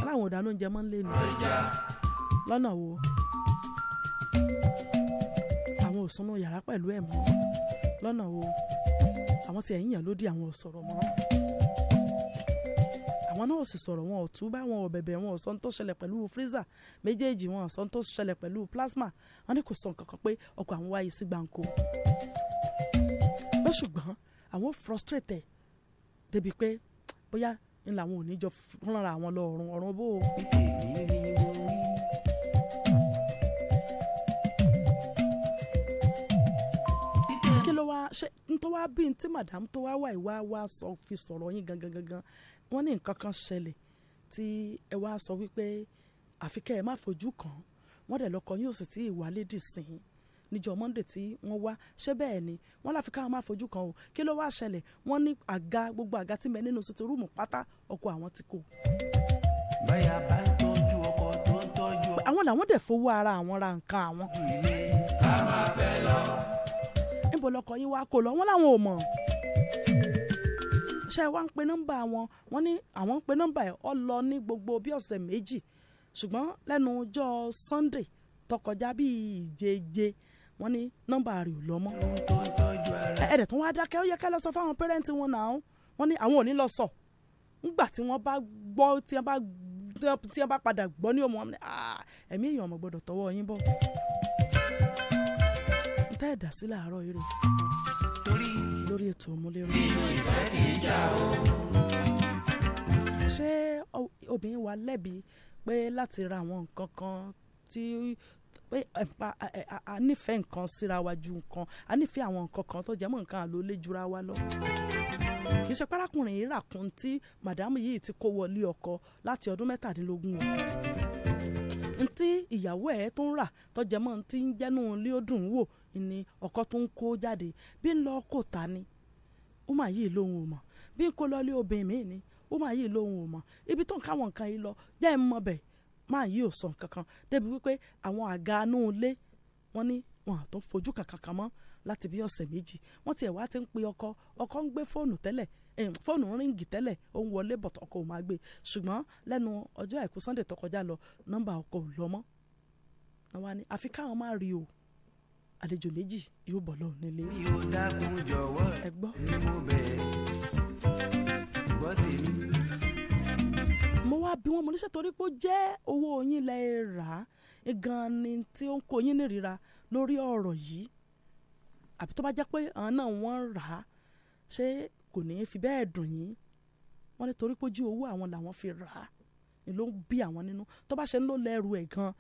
aláwọn ọ̀dà ló ń jẹ ni lọ́nà wo àwọn ò yàrá pẹ̀lú ẹ̀ mọ́ lọ́nà wo àwọn tí ẹ̀yìn yàn lódì àwọn ò mọ́ àwọn náà sì sọ̀rọ̀ wọn ò túbá wọn ò wọn ò tó ṣẹlẹ̀ pẹ̀lú freezer méjèèjì wọn ò tó ṣẹlẹ̀ pẹ̀lú plasma wọn ní kò sọ nǹkan kan pé ọkọ̀ àwọn wáyé sí gbáǹkó bẹ́ẹ̀ ṣùgbọ́n àwọn frustrate débi pé bóyá ńlá àwọn ò ní jọ rán àwọn lọ ọ̀run ọ̀run bó kí ló wá ṣe tó wá bí tí madam tó wá wà ìwà wa sọ fi sọ̀rọ̀ yín gangan gangan wọ́n ní nǹkan kan ṣẹlẹ̀ tí ẹ wá sọ wípé àfikẹ́ ẹ má fojú kàn wọ́n dẹ̀ lọ́kọ yóò sì ti ìwà lédìí sìn níjọ́ Monday tí wọ́n wá ṣé bẹ́ẹ̀ ni wọ́n láfi káwọn máa fojú kan o kí ló wá ṣẹlẹ̀ wọ́n ní àga gbogbo àga tí mẹ nínú sító rúùmù pátá ọkọ̀ àwọn ti kó. báyà bá ń tọ́jú ọkọ̀ tó ń tọ́jú ọkọ̀. àwọn làwọn dẹ̀ fowó ara àwọn ra nǹkan àwọn. ká máa fẹ́ lọ. níbo lọkọ yín wá kó lọ wọn làwọn ò mọ̀ ṣe wá ń pe nọ́mbà wọn wọ́n ní àwọn ń pe nọ́mbà ẹ̀ ọ lọ ní gbogbo bí ọ̀sẹ̀ méjì ṣùgbọ́n lẹ́nu ọjọ́ Sunday tó bíi ìjeje wọ́n ní nọ́mbà rẹ̀ ò lọ mọ́ ẹ̀ẹ́dẹ̀ tó wá dákẹ́ ó yẹ ká lọ sọ fáwọn pẹ́rẹ́ǹtì wọn náà wọ́n ní àwọn ò ní lọ sọ ńgbà tí wọ́n bá gbọ́ tí wọ́n bá tí wọ́n bá padà gbọ́ ní òmùwọ́n ní ah, ẹ̀mí èèyàn ọmọ gbọ́dọ̀ tọwọ́ yín bọ̀ ń tẹ́ ẹ̀dá sí làárọ̀ yìí rẹ̀ lórí ètò òmùlérò. ṣé obìnrin wa lẹ́bi pé láti ra àwọn nǹkan kan tí pé a nífẹ̀ẹ́ nǹkan síra wa ju nǹkan a nífẹ̀ẹ́ àwọn nǹkan kan tó jẹ́ mọ́ nǹkan àlólé jura wa lọ kì í ṣe párákùnrin yìí ràkún tí màdámù yìí ti kó wọlé ọkọ láti ọdún mẹ́tàdínlógún o ntí ìyàwó ẹ̀ tó ń rà tọ́jẹ́ mọ́ ti ń jẹ́nu ilé ó dùn wò ni ọkọ tó ń kó jáde bí ń lọ kò ta ni ó mà yìí lóhun ò mọ̀ bí ń kó lọ ilé obìnrin mi ni ó mà yìí lóhun ò mọ̀ ibi tó ń káwọn nǹkan yìí lọ jẹ́ ẹ̀ mọ̀ bẹ́ẹ̀ máa yí ò sọ kankan débi wípé àwọn àga inú ilé wọn ní wọn àtún fojú kankan kan mọ́ láti bí ọ̀sẹ̀ méjì wọ́n tiẹ̀ wá ti ń pe ọkọ ọkọ ń gbé fóònù tẹ́lẹ̀ eh, fóònù ríǹgì tẹ́lẹ̀ ó ń wọlé bọ̀tọ̀ ọkọ ò máa gbé ṣùgbọ́n lẹ́nu ọjọ́ àìkú sunday tó kọjá lọ nọ́mbà ọkọ ò lọ mọ́ àwọn ni àfi káwọn máa rí o àlejò méjì yóò bọ̀ lọ́hùn nílé. mi ò dákun jọ̀wọ́ ni mo bẹ̀ gbọ́ tèmi mo wá bí wọn mo níṣẹ́ torí pé ó jẹ́ owó yín lẹ rà á ni tí ó ń kó yín nírira lórí ọ̀rọ̀ yìí àbí tó bá jẹ́ pé àwọn náà wọ́n rà á ṣé kò ní fi bẹ́ẹ̀ dùn yín wọ́n ní torí pé ojú owó àwọn làwọn fi rà á ni ló ń bí àwọn nínú tó bá ṣe ń lò lẹ́rù ẹ̀ gan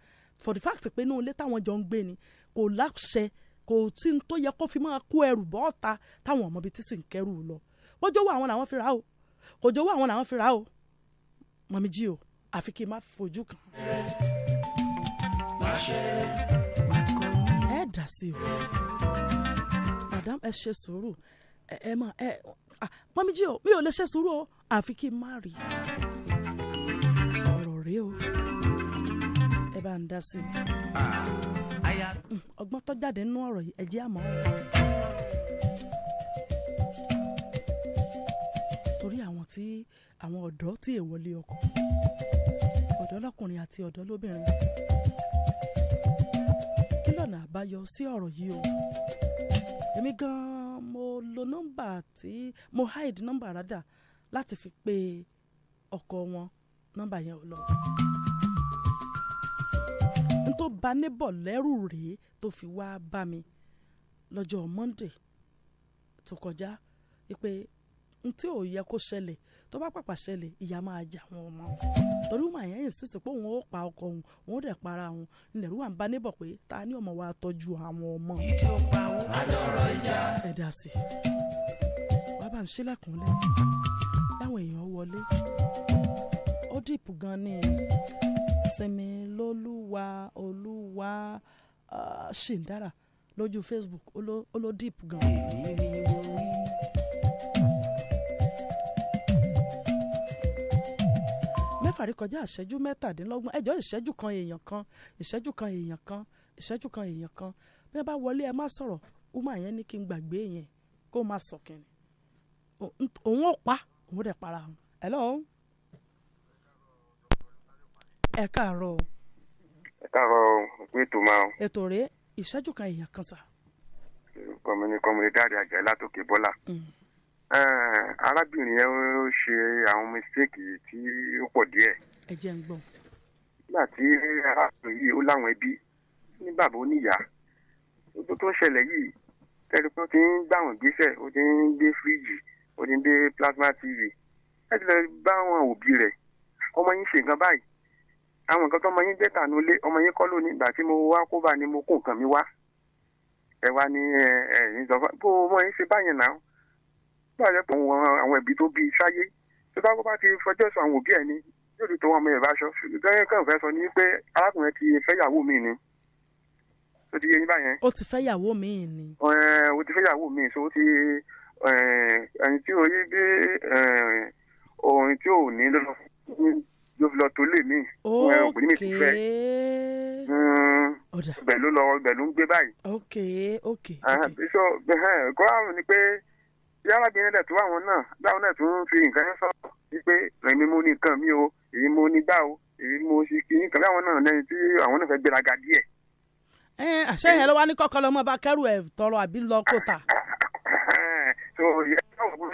for the fact pé inú ilé táwọn jọ ń gbé ni kò láṣẹ kò tí ń tó yẹ kó fi máa kó ẹrù bọ́ ọ̀ta táwọn ọmọ bíi ti sì ń kẹrù lọ bójú owó àwọn làwọn fi rà á o kò jówó àwọn làwọn fi rà á o Mami ji o àfi kí n má fojú kàn. ẹ dà sí o madam ẹ ṣe sùúrù ẹ mà ẹ mọ̀mí jí o mi ò lè ṣe sùúrù o àfi kí n má rí ọ̀rọ̀ rèé o ẹ bá ń dá sí i hmm, ọgbọ́n tó jáde nínú ọ̀rọ̀ yìí ẹ jẹ́ àmọ́. torí àwọn Tí àwọn ọ̀dọ́ tí èwọlé ọkọ ọ̀dọ́ lọ́kùnrin àti ọ̀dọ́ lóbìnrin kí lọ́nà àbáyọ sí ọ̀rọ̀ yìí o èmi gan-an mo lo nọ́mbà tí mo hide nọ́mbà rádà láti fi pe ọkọ wọn nọ́mbà yẹn lọ n tó ba níbọ̀ lẹ́rù rèé tó fi wá bá mi lọ́jọ́ Monday tó kọjá pé n tí ò yẹ kó ṣẹlẹ̀ tó bá pàpà ṣẹlẹ̀ ìyá máa jà wọn ọmọ torí wọn àyàn insist pé òun ó pa ọkọ òun òun dẹ̀ para òun nílẹ̀ rúwà ń bá níbọ̀ pé ta ni ọmọ wa tọ́jú àwọn ọmọ. ẹ sí i bàbá ń ṣílẹ̀kùn láwọn èèyàn wọlé ó dìpù gan ni sinmi lólúwa olúwa ah, ṣì lójú Facebook ó ló dìpù gan. èyí ni mo rí. àrékọjá ìṣẹ́jú mẹ́tàdínlọ́gbọ̀n ẹjọ́ ìṣẹ́jú kan èèyàn kan ìṣẹ́jú kan èèyàn kan ìṣẹ́jú kan èèyàn kan bí wọ́n bá wọlé ẹ má sọ̀rọ̀ ọmọ yẹn ní kí n gbàgbé yẹn kó má sọ kìnnì òun ò pa òun rẹ̀ para hàn ẹ̀ lọ́wọ́ ẹ káàárọ̀. ẹ káàárọ̀ òkú ètò máa. ètò rèé ìṣẹ́jú kan èèyàn kan sà. orúkọ mi ni kọ́mọdé dáàdì látòkè bọ́lá. Mm arábìnrin yẹn ó ṣe àwọn mistake tí ó pọ̀ díẹ̀. ẹ jẹ́ ń gbọ́. nígbà tí arábìnrin yìí ó láwọn ẹbí ní bàbá oníyà ojú tó ṣẹlẹ̀ yìí tẹ́lẹ̀ pé ó ti ń gbàwọ̀n gbéṣẹ́ ó ti ń gbé fíríjì ó ti ń gbé plasma tv ẹ ti lọ bá àwọn òbí rẹ̀ ọmọ yín ṣe nǹkan báyìí àwọn nǹkan tó ọmọ yín jẹ́ tànú lé ọmọ yín kọ́ lónìí ìgbà tí mo wá kó bá ni mo kó nǹkan mi wá ẹ wá ní ẹ ẹ ní sọ bó o mọ yín ṣe báyìí náà gbàgbé tó ń wọn àwọn ẹbí tó bí sáyé tó bá bá ti fọjọ́ sọ àwọn òbí ẹ̀ ni yóò di tó wọn ọmọ ẹ̀ báṣọ ṣùgbọ́n kàn fẹ́ sọ ni pé arákùnrin ti fẹ́yàwó mi ni ó ti yé yín báyẹn. ó ti fẹ́yàwó mi ni. ó ti fẹ́yàwó mi so ó ti ẹni tí ó yí bí orin tí ò ní lọ́dọ̀ ló fi lọ tó lè mí. ókè ọ̀dà ibẹ̀ ló ń gbé báyìí. ókè ókè. kọ́ àwọn ni pé arábìnrin rẹ̀ tó àwọn náà láwọn náà tó ń fi nǹkan yẹn sọ̀rọ̀ wípé èmi mo ní nǹkan mi o èyí mo ní gbà o èyí mo sì kí nǹkan láwọn náà lẹ́yìn tí àwọn náà fẹ́ gbéraga díẹ̀. ẹ àṣẹ yẹn ló ní kọ́kọ́ lọ́mọ bá kẹ́rù ẹ̀ tọrọ àbí lọ kó ta. so ìyá àwọn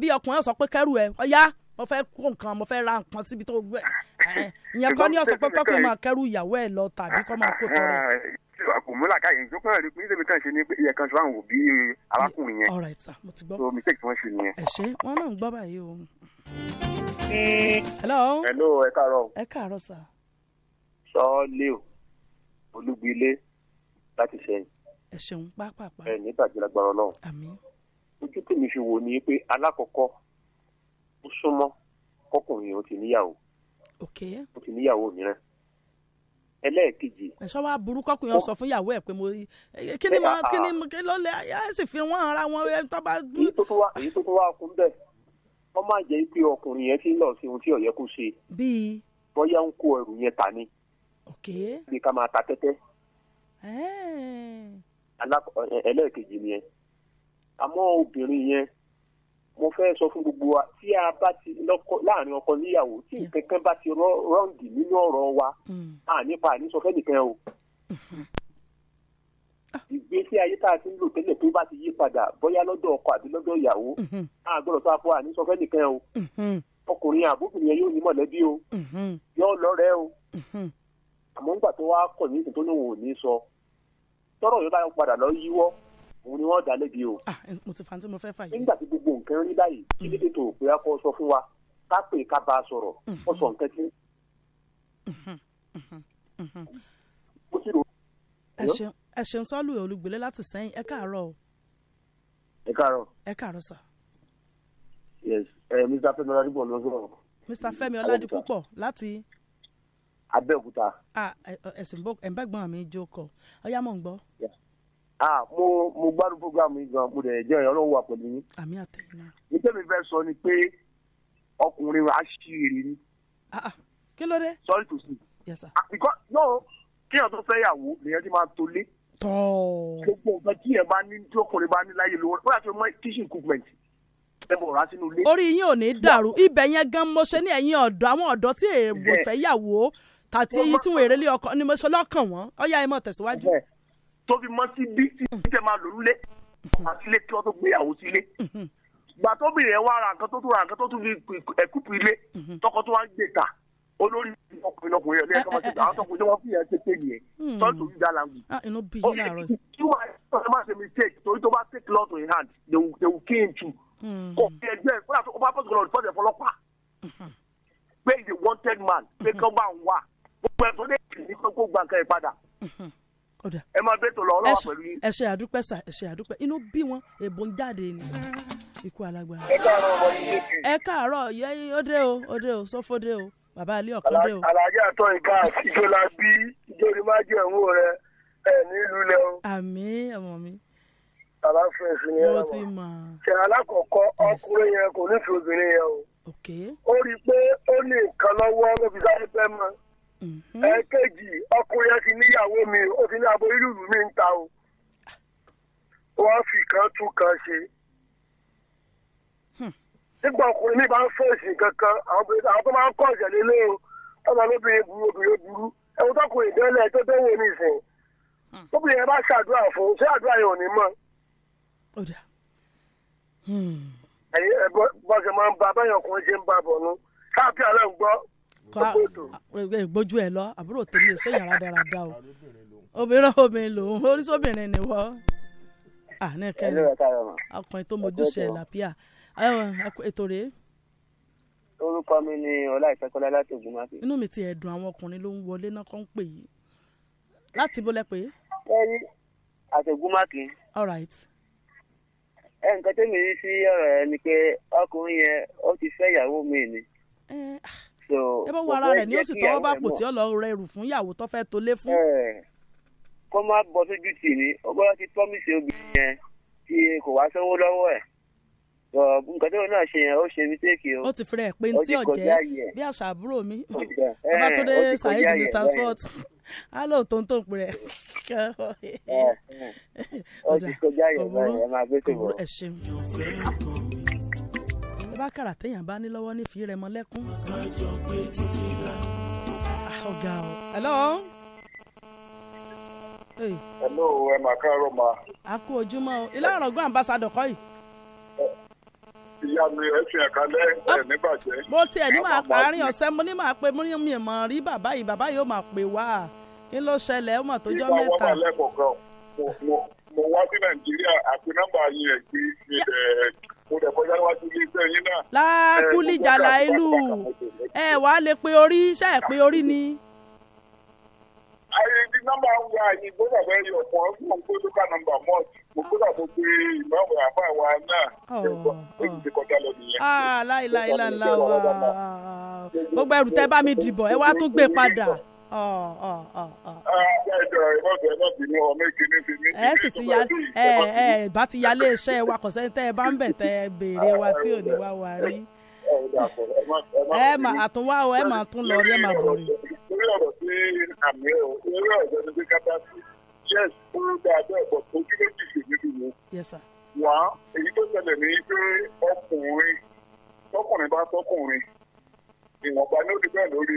bí ọkùnrin sọ pé kẹ́rù ẹ̀ ọ̀yá mo fẹ́ kó nǹkan mo fẹ́ ra nǹkan síbi tó gbẹ ìyẹn kọ́ ni ọ̀sọ̀ pé kọ́kùnrin kò múlà káyé tó kàn rí pé níbi kan ṣe ni iye kan ṣe báwọn òbí arákùnrin yẹn. sir so mistake tí wọ́n ṣe nìyẹn. ẹ ṣe wọn náà ń gbọ́ báyìí o. Mm. hello. hello ẹ káàárọ̀. ẹ káàárọ̀ sir. sọ́ọ́lì olúgbilé láti sẹ́yìn. ẹ ṣeun pápápá. ẹ ní bàjẹ́ lágbára ọlọ́run. àmín. ojú tèmi fi wò ni pé alákọ̀ọ́kọ́ ó súnmọ́ kọkùnrin ó ti níyàwó. ok. ó ti níyàwó mìíràn ẹlẹ́ẹ̀kejì. ẹ̀ṣọ́ wa burú kọkùnrin ọ̀sọ̀ fún ìyàwó ẹ̀ pé mo kí ni mo kí ni mo kí ló lè ẹ sì fi wọ́n ara wọn ẹ tó bá. èyí tó tún wá èyí tó tún wá kún bẹ́ẹ̀ wọ́n máa jẹ́ pé ọkùnrin yẹn ti ń lọ sí ohun tí ó ṣe. bíi. bóyá ń kó ẹrù yẹn ta ni. ok. bí ká máa ta tẹ́tẹ́. ẹlẹ́ẹ̀kejì nìyẹn àmọ́ obìnrin yẹn mo fẹ́ sọ fún gbogbo wa tí a bá ti lọ́kọ láàrin ọkọ níyàwó tí ìkankan bá ti rọ́ǹdì nínú ọ̀rọ̀ wa à mm. nípa àníṣọfẹ́ nìkan o mm-hmm. ah. ìgbésí ayé tá a ti ń lò tẹ́lẹ̀ tó bá ti yí padà bóyá lọ́dọ̀ ọkọ àbí lọ́dọ̀ ìyàwó náà mm-hmm. gbọ́dọ̀ tó a fọ́ àníṣọfẹ́ nìkan o mm-hmm. ọkùnrin àbúkùnrin yẹn yóò ní mọ̀lẹ́bí o yóò lọ́rẹ́ o àmọ́ ńgbà tó wá kọ̀ ní ìsìn tó òun ni wọ́n dá lẹ́bi o. Ah, mo ti fàǹtí mo fẹ́ fà yìí. nígbà tí gbogbo nǹkan rí báyìí kí lédè tó pé a kọ́ sọ fún wa ká pè ká bá a sọ̀rọ̀ ó mm-hmm. sọ nǹkan tí. Mm-hmm. Mm-hmm. mo ti rò. ẹ ṣeun sọ́ọ́lù olùgbèlé láti sẹ́yìn ẹ káàárọ̀ o. ẹ káàárọ̀. ẹ káàárọ̀ sà. yes eh, mr fẹ́mi ọládìpọ̀ ló ń sọ̀rọ̀. mr fẹ́mi ọládìpọ̀ láti. abẹ́òkúta. ah ẹ̀sìn bó ẹ̀ ń bá gbọ́n mi jókòó ọ̀yá mò ń gbọ́. Yeah ah mo mo gbádùn program yìí gan mo dẹ̀ jẹ́ ọlọ́run wà pẹ̀lú yín. àmì àtẹ̀yìn náà. nítorí mi fẹ́ sọ ni pé ọkùnrin wa ṣíìrì ni. Ah, ah, kí ló dé. sorry to say. yes sir. Ah, because no kéèyàn tó fẹ́ yàwó lèèyàn ti máa tó lé. tọ́ọ̀. gbogbo nǹkan tí ẹ̀ bá ní tí ọkùnrin bá ní láyé lówó wọ́n yàtí mọ́ kitchen equipment ẹ bọ̀ rà sínú ilé. orí yín ò ní dàrú ibẹ̀ yẹn gan mo ṣe ní ẹ̀yìn ọ̀dọ́ àwọn ọ̀dọ́ tí èrò fẹ́ yàwó tàti tí wọn èrè lé ọkọ ni mo ṣe lọ́kàn wọn ó yá ẹ mọ̀ tẹ̀síwájú tó fi mọ́ sí bí tí tẹ mm-hmm. máa lò lulẹ̀ mm-hmm. àti ilé kí wọ́n tó gbéyàwó sí ilé mm-hmm. gbà tó bìrì wá ra nǹkan tó tún ra nǹkan tó tún fi ẹ̀kúpù ilé tọkọ tó wá ń gbé ta olórí ọkùnrin ọkùnrin ọlẹ́yìn kọ́ máa ṣe àwọn tọkùnrin wọ́n fi yẹn ṣe pé nìyẹn tọ́jú tó yíjà language. inú bí yín láàárọ̀ yìí. wọ́n máa ṣe máa ṣe mistake torí tó bá take law in hand they will kill him too. kò fi ẹgbẹ́ ẹ̀ fúnra tó bá pọ̀ sọ̀rọ̀ ìfọ̀sẹ̀ pé he is a wanted man pé kí bá ń wà gbogbo ẹ̀ tó dé ní ẹ máa bẹ́tò lọ ọlọ́wà pẹ̀lú yín. ẹ ṣe àdúpẹ́ sà ẹ àdúpẹ́ inú bí wọn èbó ń jáde ni ikú alágbára. ẹ káàárọ̀ ọmọ yìí yé kì í. ẹ káàárọ̀ yẹ́yìn ó o ó dé o sọ́fọ́ o bàbá alẹ́ ọ̀kan dé o. alájà tó ìka ìjọ la bí ìjọ ni má jẹ òun rẹ ẹ nílùú lẹ o. àmín ọmọ mi. bàbá fẹ́ sí ni ẹ mo ti mọ̀. ṣe alákọ̀ọ́kọ́ ọkùnrin yẹn kò nífẹ̀ẹ́ obìnrin yẹn o. ó rí i pé ó ní nǹkan lọ́wọ́ lóbi sáré fẹ́ mọ́. Mm-hmm. ẹ̀ẹ́kejì ọkùnrin yẹn ti níyàwó mi ó ti ní aboyún ìlú mi ń ta o wọ́n fi kan tún kan ṣe hmm. nígbà ọkùnrin mi bá ń fèsì kankan àwọn tó máa ń kọ́ ọ̀jẹ̀ lélẹ́ o tọ́ba lóbìnrin burú obìnrin burú ẹ̀wọ́n tọkùnrin ìdánilẹ̀ tó dẹ́wọ̀ ní ìsìn lóbìnrin yẹn bá ṣàdúrà fún un ṣé àdúrà yẹn ò ní mọ̀. Hmm. ẹ̀yin bọ́sẹ̀ máa ń ba abẹ́yẹ̀kùnrin ṣe ń ba bọ̀ nù káàpì àlẹ́ ń gbọ́ gbójú ẹ lọ àbúrò tèmi ṣé yàrá dáradá o obìnrin obìnrin lòun oríṣiríṣi ni wọ́n àní kẹ́lẹ́ ọkùnrin tó mojúṣe làpíà ètò rèé. orúkọ mi ni ọlá ìfẹ́kọ́lá láti ògùn máfi. inú mi ti ẹ̀dùn àwọn ọkùnrin ló ń wọlé náà kọ́ ń pè yìí láti bó lẹ pé. ẹni àtẹ̀gùn máàkì. all right. ẹ nǹkan tẹ́mi rí sí ọ̀rọ̀ ẹ ni pé ọkùnrin yẹn ó ti fẹ́ ìyàwó mi ni. Ah, ẹ bá wọ ara rẹ̀ ní oṣù tọwọ́ bá pò tí ó lọ rẹ ẹrù fún ìyàwó tó fẹ́ tó lé fún. kọ́ máa bọ́ sójú tì mí ọgbọ́n ti tọ́ obìnrin yẹn tí kò wá sanwó lọ́wọ́ ẹ̀ nǹkan tó náà ṣe yẹn ó ṣe mistake o. ó ti fẹ́rẹ̀ pé ntí ọ̀jẹ́ bí àṣà àbúrò mi ọba tó dé saheed mr sports alo tó ń tó ń pèrè. ó ti kọjá yẹn báyìí ẹ máa gbé tó bọ̀ bákàrà téèyàn bá ní lọ́wọ́ nífi rẹ̀ mọ́ lẹ́kún. kájọ pé títí la. ọ̀gá o. hello. hello ẹ mà káàárọ̀ ma. a kú ojúmọ́ o ilé àrọ̀gbọ́n àmbásádọ̀ kọ́ yìí. ìyá mi ẹ fi ẹ̀ka lẹ́ ẹ̀ níbàjẹ́. mo tiẹ̀ ní màá parí ọ̀sẹ̀ mo ní màá pe mo ní mọ̀ rí bàbá yìí bàbá yìí máa pè wá kí ló ṣẹlẹ̀ ó tó jọ́ mẹ́ta. ìgbà wọn wà lẹ́kọ̀ọ́ kan mo wá sí nàìjíríà àti nọ́mbà yìí ẹ̀ mo dẹ̀ kọjá níwájú ilé iṣẹ́ yín náà. ìlú ẹ wàá lè pe orí iṣẹ́ ẹ̀ pé orí ni. ayé ti nọ́mbà ń gba ìgbó bàbá ẹyọ ọ̀pọ̀ ọ̀sùn òun tó lókà nọ́mbà mọ́ọ̀tì mo kó dàbò pé ìmọ̀wé àbá wa náà ó sì ti kọjá lọ nìyẹn. Ah, láìláìláìlá wa gbogbo ẹrù tẹ bá mi dìbò ẹ wá tún gbé padà ẹ sì ti ya ẹ ẹ bá ti ya léeṣẹ́ wa kò sẹ́ni tẹ́ ẹ bá ń bẹ̀ tẹ́ ẹ béèrè wa tí ò ní wá wa rí ẹ mà àtúnwá o ẹ mà tún lọ rí ẹ mà bọ̀ orí ọ̀rọ̀ sí àmì ẹ̀ orí ọ̀rọ̀ ní bí kápá sí yes ó dáa bẹ́ẹ̀ tó kí ló ti ṣe níbi yẹn. wà á èyí tó ṣẹlẹ̀ ní pé ọkùnrin tọkùnrin bá tọkùnrin ìwọ̀nba ní ó di bẹ́ẹ̀ lórí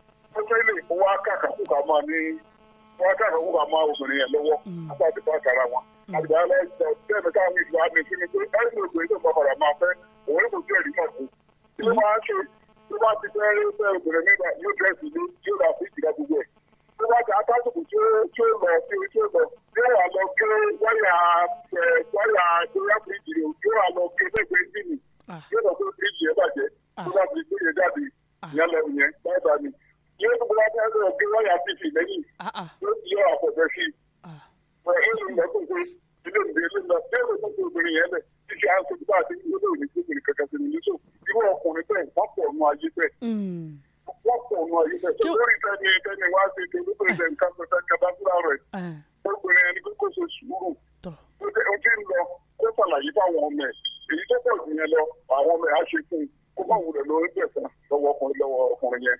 pẹ́pẹ́ lè wá kàkàkù ká máa ní wá kàkàkù ká máa obìnrin yẹn lọ́wọ́ nípa àdìbò àtàrà wọn. àdìbò aláìsàn bẹ́ẹ̀ ni káwọn ìlú àmì ìsinmi pé ẹ̀rí ògbó ilé ìgbà padà máa fẹ́ òun kò jẹ́ ìdí náà kú. kí ló máa ṣe tó bá ti fẹ́ fẹ́ obìnrin nígbà yóò dẹ́sì ní yóò rà fún ìjìlá gbogbo ẹ̀. tó bá ti atásùkù tí ó tí ó lọ sí tí ó lọ yóò wà lọ ké wáyà wáyà tó yá fún ìjìlẹ̀ yóò wà lọ ké lẹ́gbẹ̀ẹ́ ìjìnì ah. yóò lọ fún ìjìlẹ̀ bàjẹ́ tó bá ti gbé yẹn jáde ìyá lọ nìyẹn báyìí yóò tún bọ́lá tẹ́lẹ̀ lọ bí wọ́n yà ti fi lẹ́yìn ah, ah. yóò ti yọ àpọ̀jọ sí i. Ah. wọ́n yóò lù lọ kókó ilé ìgbé ilé lọ bí èrò kókó obìnrin yẹn lẹ̀ títí aṣojú bá ti yóò lòdì sí obìnrin kankan sí nínú so irú ọkùnrin bẹ́ẹ̀ wọ́n pọ̀ nù ayé bẹ́ẹ̀. Hmm. wọ́n pọ̀ nù ayé bẹ́ẹ̀ lórí tẹ́ni tẹ́ni wá sí ti olóbìnrin tẹ̀ nǹkan tó tẹ́ni kaba fúra rẹ̀ obìnrin ẹni kókó ṣe sùúrù ó ti ń lọ kó ṣàlàyé fáwọn ọmọ ẹ̀ èyí tó pọ̀ jù yẹn lọ àwọn ọmọ ẹ̀ á ṣe fún un kó má wulẹ̀ lórí bẹ̀ fún lọ́wọ́ ọkùnrin lọ́wọ́ ọkùnrin yẹn.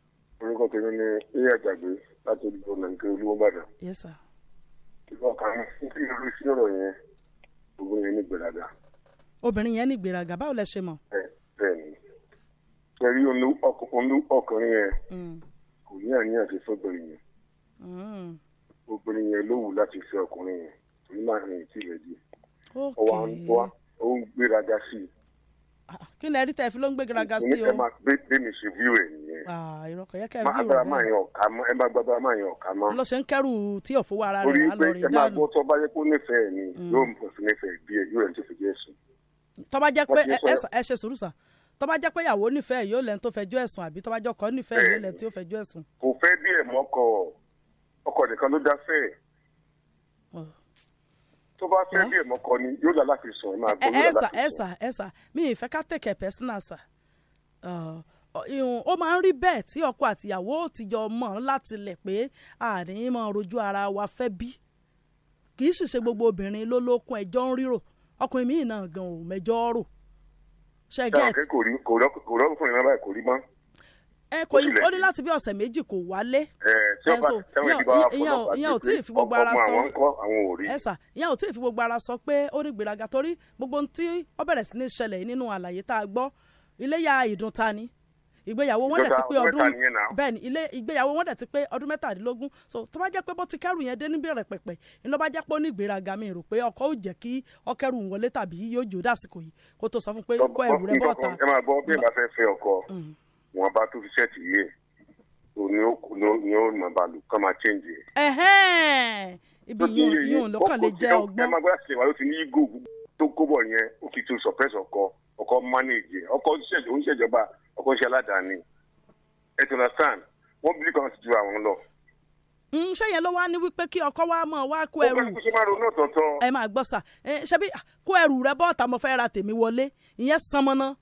orúkọ tèmi ni iye àjàgbé láti olùdó nàìjíríà olúwọ́bàdàn. ìwọ kan nítorí orí sí ọ̀rọ̀ yẹn obìnrin yẹn ní gbèrágà. obìnrin yẹn ní gbèrágà báwo lẹ ṣe mọ̀. bẹ́ẹ̀ni pẹ̀lú ọkùnrin yẹn mm. kò ní àníyàn ti fọgbọ̀nrin yẹn mm. obìnrin yẹn ló wù láti fẹ́ ọkùnrin yẹn torí máa rìn tí ilẹ̀ di ó wà ń gbéraga sí i kí lẹ rí tẹ fi ló ń gbé garaga sí o. ìyẹn máa gbé bí mi ṣe view ẹ nìyẹn. irọ́ kò yẹ kẹ́ view rẹ̀. agbára máa yan ọ̀ka mọ́ ẹ bá gbábá máa yan ọ̀ka mọ́. ló ṣe ń kẹ́rù tí ò fowó ara rẹ̀ á lọ rí dáàbò. torí pé ẹ máa gbọ́ tọ́ba yẹ kó nífẹ̀ẹ́ ni mm. yóò mú fún nífẹ̀ẹ́ bí ẹ yóò ẹ̀ tó fi jẹ́ sùn. tọ́ba jẹ́ pé ẹ ṣe sùúrù sà tọ́ba jẹ́ pé ìyàwó nífẹ̀ẹ́ yóò lẹ́ni tó fẹjọ́ ẹ̀sùn àbí tọ́ba jẹ́ ọkọ nífẹ̀ẹ́ tó bá fẹ́ bí èèmọ̀ kọ ni yóò lálá fi sùn máa gbọ́ yóò lálá fi sùn. ẹ sà ẹ sà mi ìfẹ́ ká tẹ̀kẹ̀ pẹ́sínà sà ó máa ń rí bẹ́ẹ̀ tí ọkọ àtìyàwó ti jọ mọ̀ láti lẹ̀ pé àní máa rojú ara wa fẹ́ bí kì í sì ṣe gbogbo obìnrin ló lókun ẹjọ́ ń rírò ọkùnrin míì náà gan ò mẹjọ́ rò. ṣe gẹ́ẹ̀tì. kò rí náà báyìí kò rí mọ́ ẹ kò yí ó ní láti bí ọ̀sẹ̀ méjì kò wálé. ẹ so ìyẹn ò tí ì fi gbogbo ara sọ ẹ sà ìyẹn ò tí ì fi gbogbo ara sọ pé ó ní gbéraga torí gbogbo ohun tí ó bẹ̀rẹ̀ sí ní ṣẹlẹ̀ nínú àlàyé tá a gbọ́ iléyà ìdun ni ìgbéyàwó wọn dẹ̀ ti pé ọdún bẹ́ẹ̀ ilé ìgbéyàwó wọn dẹ̀ ti pé ọdún mẹ́tàdínlógún so tó bá jẹ́ pé bó ti kẹ́rù yẹn dé níbẹ̀rẹ̀ pẹ̀pẹ̀ iná bá jẹ́ pé ó ní ìgbéraga mi rò pé ọkọ ò jẹ́ kí ọkẹ́rù ń wọlé tàbí yóò jò dásìkò yìí kó tó sọ fún pé kó ẹrù rẹ bọ́ọ̀ta. ẹ máa gbọ́ bí ẹ bá fẹ́ fẹ́ ọkọ mm. wọn bá tó fi ṣẹ́ẹ̀tì yìí o ní o ní o nà bàlù máa chẹ́ǹjì e. ibi yóò yóò lọ́kàn lè jẹ́ ọgbọ́n. ẹ máa gbọ́dọ̀ ti yẹn ó fi ọkọ ọkọ mánéèjì e. ọkọ oníṣẹ́jọba ọkọ iṣẹ́ aládàáni ẹ wọ́n bí kan ti ju àwọn lọ. Hmm, yẹn ló wá ní wípé kí ọkọ wa wá kó ẹrù ẹ máa gbọ́ sà ah, kó ẹrù rẹ mo fẹ́ ra tèmi wọlé ìyẹn sanmọ́ná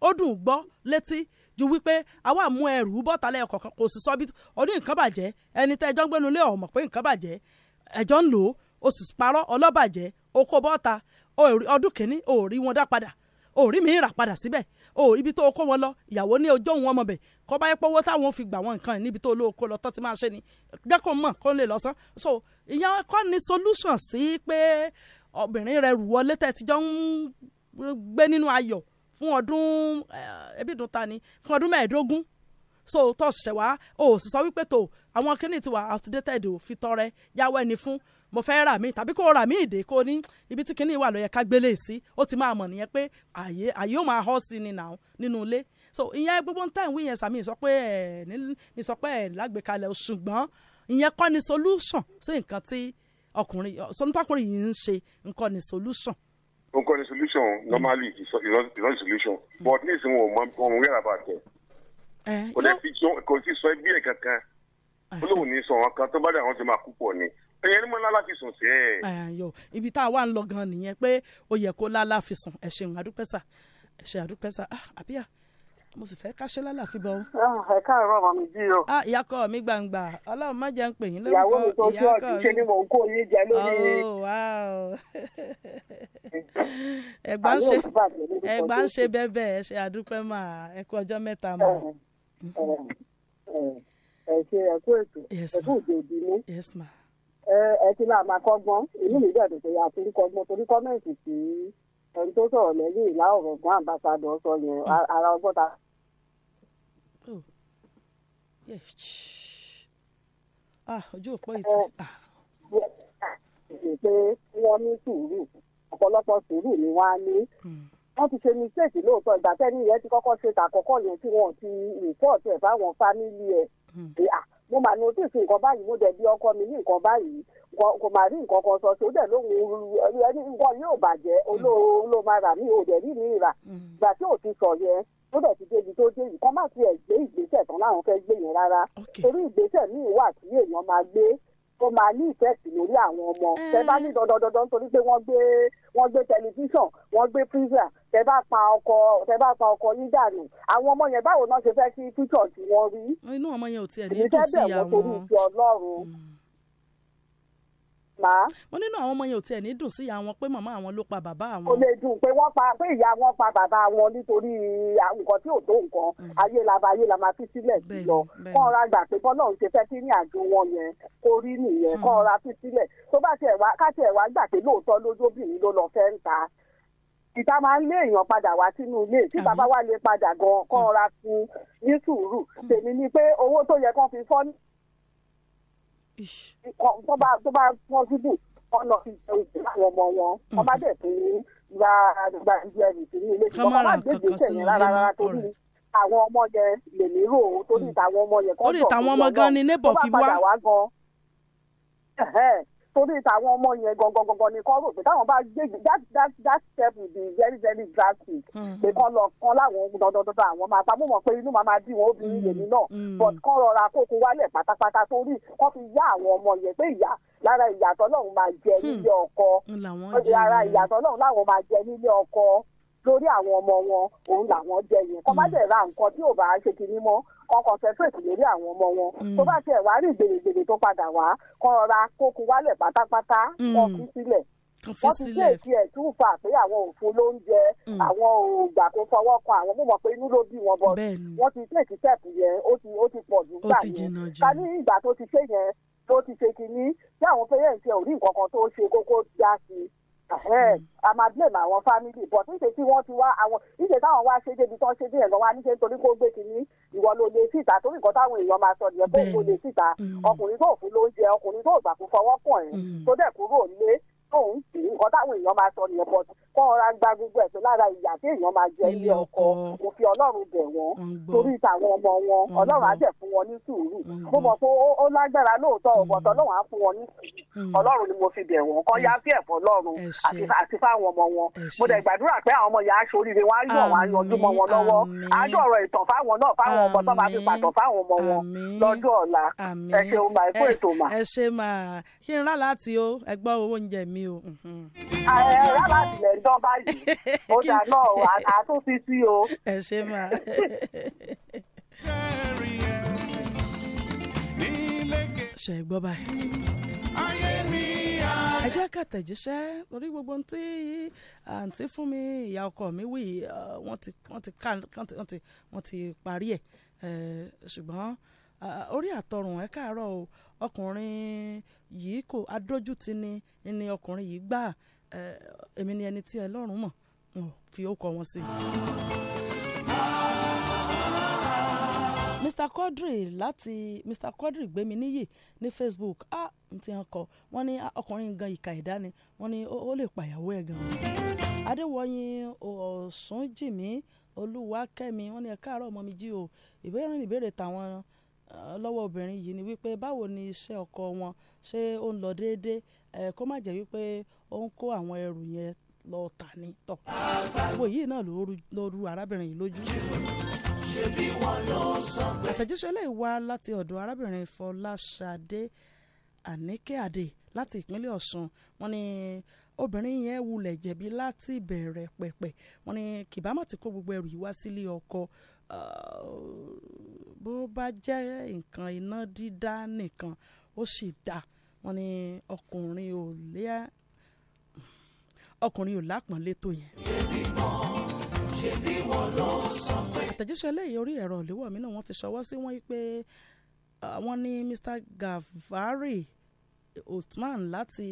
ó dùn gbọ́ létí ju wípé àwa mú ẹrù bọ́ta lẹ́ẹ̀kọ̀kan kò sì sọ bí ọdún nǹkan bàjẹ́ ẹni tẹ́ ẹjọ́ ń gbénu lé ọ̀mọ̀ pé nǹkan bàjẹ́ ẹjọ́ ń lò ó sì parọ́ ọlọ́bàjẹ́ ó kó bọ́ta ọdún kìíní O rí wọn dá padà ó rí mi rà padà síbẹ̀ O rí ibi tó kó wọn lọ ìyàwó ní ọjọ́ òun ọmọ bẹ̀ kọ́ bá yẹ pé owó táwọn fi gbà wọn nǹkan níbi tó lóko lọ tán ti máa ṣe ni jẹ́ kó mọ̀ kó lè lọ́sán so ìyẹn kọ́ ni solution sí pé obìnrin rẹ rù wọlé tẹ́ ti jọ ń gbé nínú ayọ̀ fún ọdún ẹbí eh, ìdún ta ni fún ọdún mẹ́ẹ̀ẹ́dógún so tó ṣẹ̀ṣẹ̀ wá o sì sọ wípé tó àwọn kíní ti wà outdated ò fi tọrẹ yáwó ẹni fún mo fẹ́ rà mí tàbí kó rà mí ìdè kó ní ibi tí kíní wà ló yẹ ká gbélé sí ó ti máa mọ̀ nìyẹn pé àyè àyè ó máa họ́ sí ni nà nínú ilé so ìyẹn gbogbo ń tẹ̀ ń wí yẹn sàmì ìsọpẹ́ ẹ̀ eh, ní ìsọpẹ́ ẹ̀ eh, lágbèkalẹ̀ ṣùgbọ́n ìyẹn kọ́ ni solution sí nǹkan tí ọkùnrin sọ́nùtọ́kùnrin yìí ń ṣe nǹkan ni solution nǹkan ni solution normally it's not it's not solution but ní ìsìn wọn ò mọ ohun wíwà bá tẹ. kò dẹ́ fi tí kò sí sọ ẹbí ẹ̀ kankan ó eh. lóun ní sọ wọn kan tó bá dé àwọn ti máa kú pọ̀ ni ẹyẹn ni mo lálá fi sùn sí ẹ. Eh, ibi tá a wà ń lọ gan nìyẹn pé ó yẹ kó lálá fi sùn ẹ ṣeun àdúpẹ́sà ẹ ṣe àdúpẹ́sà ah, àbíyá mo sì fẹ́ káṣẹ́ lálàáfíà bọ́. Ah, ẹ káàárọ̀ ọmọ mi jí o. ah ìyákọ mi gbangba ọlọ́run má jẹ́ ń pè yín lórúkọ ìyákọ mi. ìyàwó mi tó tí ọ̀sìn ṣe ni mò ń kó yín jẹ lórí. Oh, ẹ̀gbá ń ṣe ẹ̀gbá ń ṣe bẹ́bẹ̀ ẹ ṣe àdúpẹ́ mà ẹ kú ọjọ́ mẹ́ta mà. Eh, eh, eh, ẹ ṣe ẹ kú ètò ẹ kú òde òbí mi ẹ ti láà máa kọ́gbọ́n inú mi dẹ̀ tó yà á fi ń kọ́gbọ́n torí kọ́mẹ̀ntì sí i ẹni tó sọ̀rọ̀ lẹ́yìn ìlà ọ̀rọ̀ gan sọ yẹn hmm. ara ọgọ́ta. Oh. Ah, ojú òpó yìí ti. Ah. pé wọ́n ní sùúrù ọ̀pọ̀lọpọ̀ sùúrù ni wọ́n á ní hmm. wọ́n ti ṣe mistake lóòótọ́ ìgbà tẹ́ni yẹn ti kọ́kọ́ ṣe tàkọ́kọ́ yẹn tí wọ́n ti rìpọ́ọ̀tì ẹ̀ fáwọn fámìlì ẹ̀ hmm. ah, mo mà ní ojú nǹkan báyìí mo dẹ̀ bí ọkọ mi ní nǹkan báyìí kò mà rí nǹkan kan sọ sí ó dẹ̀ lóhun ẹni nǹkan yóò bàjẹ́ olóòórùn máa rà mí ò dẹ̀ rí mi rà mm-hmm. gbà tí ò ti sọ yẹn tó dẹ̀ ti débi tó dé yìí kọ́ má tiẹ̀ gbé ìgbésẹ̀ tán láwọn fẹ́ gbé yẹn rárá torí ìgbésẹ̀ míì wà tí èèyàn máa gbé tó máa ní ìfẹ́sì lórí àwọn ọmọ tẹ bá ní mm. dandandandan torí pé wọ́n gbé wọ́n gbé tẹlifíṣàn wọ́n gbé pírísà tẹ bá pa ọkọ tẹ bá pa ọkọ yín dànù àwọn ọmọ yẹn báwo náà ṣe fẹ́ kí fíṣọ̀ tí wọ́n rí. inú ọmọ yẹn ò tiẹ̀ ní dùn sí àwọn. ìfẹ́ bẹ̀ wọ́n torí ti ọlọ́run. Mm má. wọ́n nínú àwọn ọmọ yẹn ò tiẹ̀ ní dùn sí ìyá wọn pé màmá àwọn ló pa bàbá àwọn. kò lè dùn pé wọ́n pa pé ìyá wọn pa bàbá wọn nítorí nǹkan tí ò tó nǹkan hmm. ayé la ba ayé la máa fi sílẹ̀ sí lọ kọ́ ọ̀ra gbà pé bọ́lá òun ṣe fẹ́ kí ní àjò wọn yẹn kó rí nìyẹn kọ́ ọ̀ra hmm. fi sílẹ̀ tó bá tiẹ̀ wá ká tiẹ̀ wá gbà pé lóòótọ́ lójóbìnrin ló lọ fẹ́ ń ta ìta máa ń lé èèyàn padà wá sínú ilé tí bàbá wa lè padà gan kọ́ ọ̀ra hmm. fún ní sùúrù tèmi ni pé owó tó yẹ kán fi fọ́ tó bá tó bá wọ́n síbù wọ́n lọ fi jẹ oúnjẹ láwọn ọmọ wọn mm. wọ́n bá dẹ̀ tún gba gba ìdí ẹnì sí ilé ìjọba wọ́n bá gbèdé sẹ́yìn rárá rárá tó ní àwọn ọmọ yẹn lè nírò tó ní mm. tàwọn ọmọ yẹn kọ́ tó ní tàwọn ọmọ gan ni nébọ̀ fi wá torí tàwọn ọmọ yẹn gangan gangan ni kọ́ rò pé táwọn bá gbèjì that that that step will be very very drastic mm-hmm. pé kán lọ kán láwọn dandandandan àwọn máa pa mú mọ̀ pé inú màmá bí wọn obìnrin yèmí mm-hmm. náà mm-hmm. but kán rọra kókó wálẹ̀ pátápátá torí kán fi yá àwọn ọmọ yẹn pé ìyá lára ìyàtọ̀ lọ́hùn máa jẹ hmm. nílé ọkọ lára ìyàtọ̀ lọ́hùn láwọn máa jẹ nílé ọkọ lórí àwọn ọmọ wọn òun làwọn jẹ yẹn kọ́ bá mm. dẹ̀ ra nǹkan tí ò bá ṣe kiri mọ́ kan concentrate lórí àwọn ọmọ wọn mm. tó bá tiẹ̀ wá rí gbèrègbèrè tó padà wá kan rọra kókun wálẹ̀ pátápátá mm. kan fi sílẹ̀ wọ́n ti ṣe èsì ẹ̀ tún fà pé àwọn òfin ló ń jẹ àwọn òògbà tó fọwọ́ kan àwọn mọ̀ pé inú ló bí wọn bọ̀ wọ́n ti ṣe ìtìsẹ́ẹ̀tì yẹn ó ti ó ti pọ̀ jù gbà yẹn ká ní ìgbà tó ti ṣe yẹn tó ti ṣe kínní tí àwọn parents ẹ̀ ò rí nǹkan kan tó ṣe kókó já sí i Eh, eh, a máa blame àwọn family but níṣe tí wọ́n ti wá àwọn níṣe táwọn wá ṣe débi tán ṣe dé ẹ̀gbọ́n wa níṣe nítorí kó gbé kínní ìwọ ló lè síta torí nǹkan táwọn èèyàn máa sọ nìyẹn pé kó lè síta ọkùnrin tó fún lóúnjẹ ọkùnrin tó gbà kó fọwọ́ kàn ẹ́ mm. tó dẹ̀ kúrò nílé tóun sì nǹkan táwọn èèyàn máa sọ nìyẹn bọ́t kọ́ ọ̀rá gba gbogbo ẹ̀sùn lára ìyà tí èèyàn máa jẹ ilé ọkọ kò fi ọlọ́run bẹ̀ wọ́n torí tàwọn ọmọ wọn ọlọ́run á jẹ̀ fún wọn ní sùúrù mo mọ̀ pé ó lágbára lóòótọ́ ọ̀bọ̀t hmm. ọlọ́run á fún wọn ní sùúrù hmm. ọlọ́run ni mo fi bẹ̀ wọ́n kọ́ hmm. yá fí ẹ̀fọ́ ọlọ́run àti fáwọn ọmọ wọn mo dẹ̀ gbàdúrà pé àwọn ọmọ yà á ṣoríire wọn á yọ̀ wọn á yanjú mọ́ wọn lọ́wọ́ àjọ ọ̀rọ̀ ìtàn fáwọn náà fáwọn ọmọ tó bá fi pàtàn fáwọn ọmọ wọn lọ́jọ́ ọ̀la ẹ ṣeun máa ẹ fún ètò mà. ẹ ṣe máa ṣe ń rà láti o owó oúnjẹ mi mi o. Ah, eh, eh, rábàdìlẹ̀ ń dán báyìí ó dà náà àtúntí sí o. ẹ ṣe máa. ṣe gbọ́ báyìí. ẹ jẹ́ ká tẹ̀jíṣẹ́ gbogbo ohun tí àǹtí fún mi ìyá ọkọ mi wí wọ́n ti parí ẹ̀ eh, ṣùgbọ́n uh, orí àtọrùn ẹ káàárọ̀ ọkùnrin yìí kò adójútì ni ni ọkùnrin yìí gbà èmi ni ẹni tí Ọlọ́run mọ̀ fi ó kọ wọn sí. Mr Quadri láti Mr Quadri gbémi níyì ní Facebook ah n ti hàn kọ wọ́n ní ọkùnrin gan ìka ẹ̀dá ni wọ́n ní ó lè pàyàwó ẹ̀ gan. Adéwọ̀yìn Ọ̀ṣúnjìmí Olúwakẹ́mi wọ́n ní ẹ káàárọ̀ ọmọ mi jí o ìbéèrè ìbéèrè tàwọn lọ́wọ́ obìnrin yìí ni wípé báwo ni iṣẹ́ ọkọ wọn ṣé ó ń lọ déédéé ẹ kó má jẹ́ wípé ó ń kó àwọn ẹrù yẹn lọ tà ní tọ̀. gbogbo yìí náà ló ru arábìnrin yìí lójú. àtẹ̀jíṣẹ́ lè wá láti ọ̀dọ̀ arábìnrin Fọláṣadé Àníkẹ́àdé láti ìpínlẹ̀ Ọ̀ṣun wọ́n ní obìnrin yẹn wulẹ̀ jẹ̀bi láti bẹ̀rẹ̀ pẹ̀pẹ̀ wọ́n ní kìbámọ̀ ti kó gbogbo ẹrù yìí wá sílé ọkọ bó bá jẹ́ nǹkan iná dídá nìkan ó sì dáa wọ́n ní ọkùnrin ò lé ọkùnrin ò lápọ̀nlé tó yẹn. àtẹ̀jíṣẹ́ eléyìí orí ẹ̀rọ ìléwọ́ mi náà wọ́n fi ṣọwọ́ sí wọ́n pé wọ́n ní Mr. Gavari Usman láti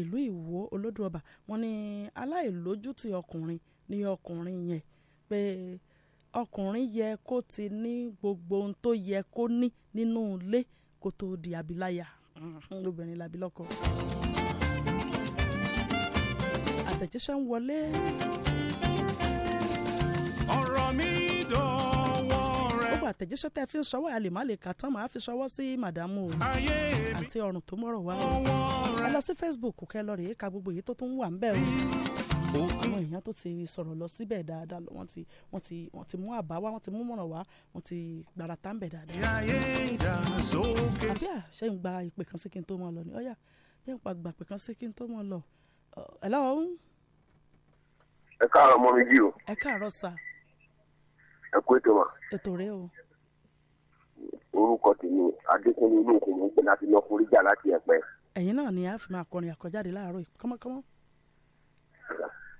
ìlú Ìwó Olódùọba wọ́n ní aláìlójútì ọkùnrin ní ọkùnrin yẹn pé ọkùnrin yẹ kó ti ní gbogbo ohun tó yẹ kó ní nínú ilé kó tó di abiláya obìnrin làbí lọ́kọ. àtẹ̀jíṣẹ́ ń wọlé. ọ̀rọ̀ mi dọ̀wọ́ rẹ̀. gbogbo àtẹ̀jíṣẹ́ tẹ́ fi ń ṣọwọ́ àlè má lè kà tán màá fi ṣọwọ́ sí màdàmú o. ayé mi àti ọ̀rùn tó mọ̀rọ̀ wá. ẹ lọ sí Facebook kẹ́ lọ rèé ka gbogbo èyí tó tún wà ń bẹ̀ àwọn èèyàn tó ti sọ̀rọ̀ lọ síbẹ̀ dáadáa lọ wọ́n ti wọ́n ti wọ́n ti mú àbá wá wọ́n ti mú mọ̀ràn wá wọ́n ti gbàrà tá ń bẹ̀ dáadáa. àbí àṣẹ ń gba ìpè kan sí kí n tó mọ̀ lọ ni ọ̀yà jẹ́ ń pa gbà pè kan sí kí n tó mọ̀ lọ. ẹ lọ́wọ́ ẹ káàárọ̀ mọ́ mi jí o. ẹ káàárọ̀ sà. ẹ kú ètò mà. ètò rẹ o. orúkọ tèmi adékúnlé olóòkùn mò láti lọ fún láti ẹ̀pẹ́. ẹ̀yin náà ni a fi máa kọrin àkọjáde láàárọ̀ kọ́mọ́kọ́mọ́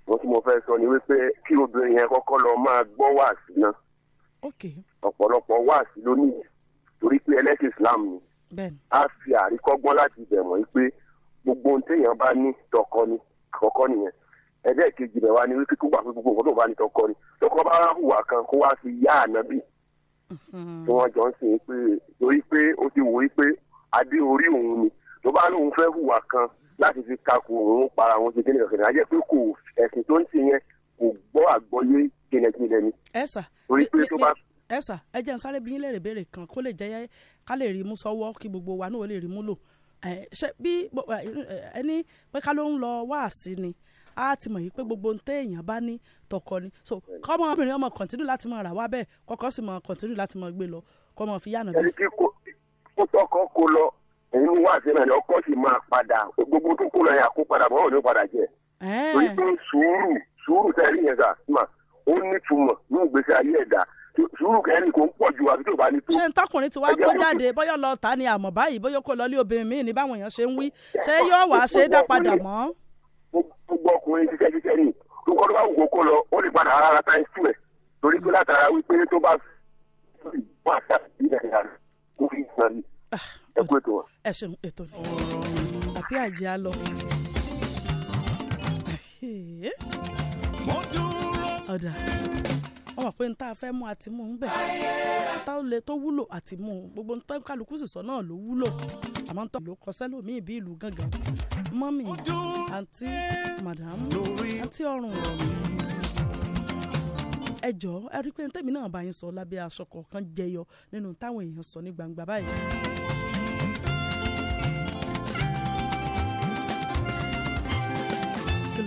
wọ́n tí mo fẹ́ sọ ni wípé kí obìnrin yẹn kọ́kọ́ lọ máa gbọ́ wáàsí náà ọ̀pọ̀lọpọ̀ wáàsí ló ní torí pé ẹlẹ́sìn Islam ni a fi àríkọ́gbọ́n láti bẹ̀rẹ̀ mọ́ pé gbogbo ohun téèyàn bá ní tọkọ ni kọ́kọ́ nìyẹn ẹ̀dẹ́ kejì rẹ̀ wá ní wípé kó wà fún gbogbo nǹkan tó bá ní tọkọ ni tọkọ bá hùwà kan kó wá fi yá ànábì mhm. tí wọ́n jọ ń sìn pé torí pé ó ti wò ó adé orí òun ni tó bá lóun fẹ́ hùwà kan láti fi kakò òun para wọn ṣe kíni kankan ajẹ́ pé kò ẹ̀sìn tó ń ṣe yẹn kò gbọ́ àgbọ́yé jìnlẹ̀jìnlẹ̀ ni. ẹ sà torí pé tó bá. ẹ sà ẹ jẹ́ n sáré bí yín lè rè béèrè kan kó lè jẹ́ ká lè rí mú sọ́wọ́ kí gbogbo wa náà lè rí mú lò ṣe bí ẹni pé ká ló ń lọ wáàsí ni a ti mọ̀ yìí pé gbogbo ntẹ́ èèyàn bá ní tọkọ ni so kọ́mọ obìnrin ọmọ kọ̀ntínú láti mọ̀ rà wá bẹ́ẹ̀ kọ́kọ́ sì mọ̀ kọ̀ntínú láti mọ̀ gbé lọ kọ́mọ fi yànnà bí. ẹni tí kò tọkọ kò lọ inú wá àti náà ni ọkọ sì máa padà gbogbo tó kó lọ́yà kó padà bọ́ òní padà jẹ. Eh. torí pé sùúrù sùúrù tẹ́lẹ̀ yẹn sà mà ó nítumọ̀ ní ìgbésí ayé ẹ̀dá sùúrù kẹrin kò ń pọ̀ ju àbí tó bá ní tó. ṣé ntọ́kùnrin tí wàá kó jáde bóyá lọ ta ni àmọ́ báyìí bóyá kó lọlé obìnrin míì ní báwọn èèyàn ṣe ń wí ṣé yóò wá ṣe é dá padà mọ́. gbogbo ọkùnrin ṣiṣẹ́ ṣiṣẹ́ ni tó kọ́ ló bá wù kó kó lọ ó lè padà rárá táyé sí ẹ̀ torí pé látara wípé tó bá fi ah. wọ́n àṣà ìdílé rẹ̀ kó fi ìsàn ni ẹ kú ètò wa. ẹ ṣeun ètò ni tàbí àjẹ́ á lọ. ọ̀dà wọ́n mọ̀ pé n tá a fẹ́ mú àti mú un bẹ̀ tá ó le tó wúlò àti mú un gbogbo n tán kálukú sì sọ náà ló wúlò àmọ́ n tọ́ ló kọ sẹ́lòmíì bí ìlú gángan mọ́mì àǹtí màdàmú àǹtí ọ̀run ẹ jọ̀ọ́ ẹ rí i pé tẹ́mi náà bá yín sọ lábẹ́ aṣọ kọ̀ọ̀kan jẹyọ nínú táwọn èèyàn sọ ní gbangba báyìí.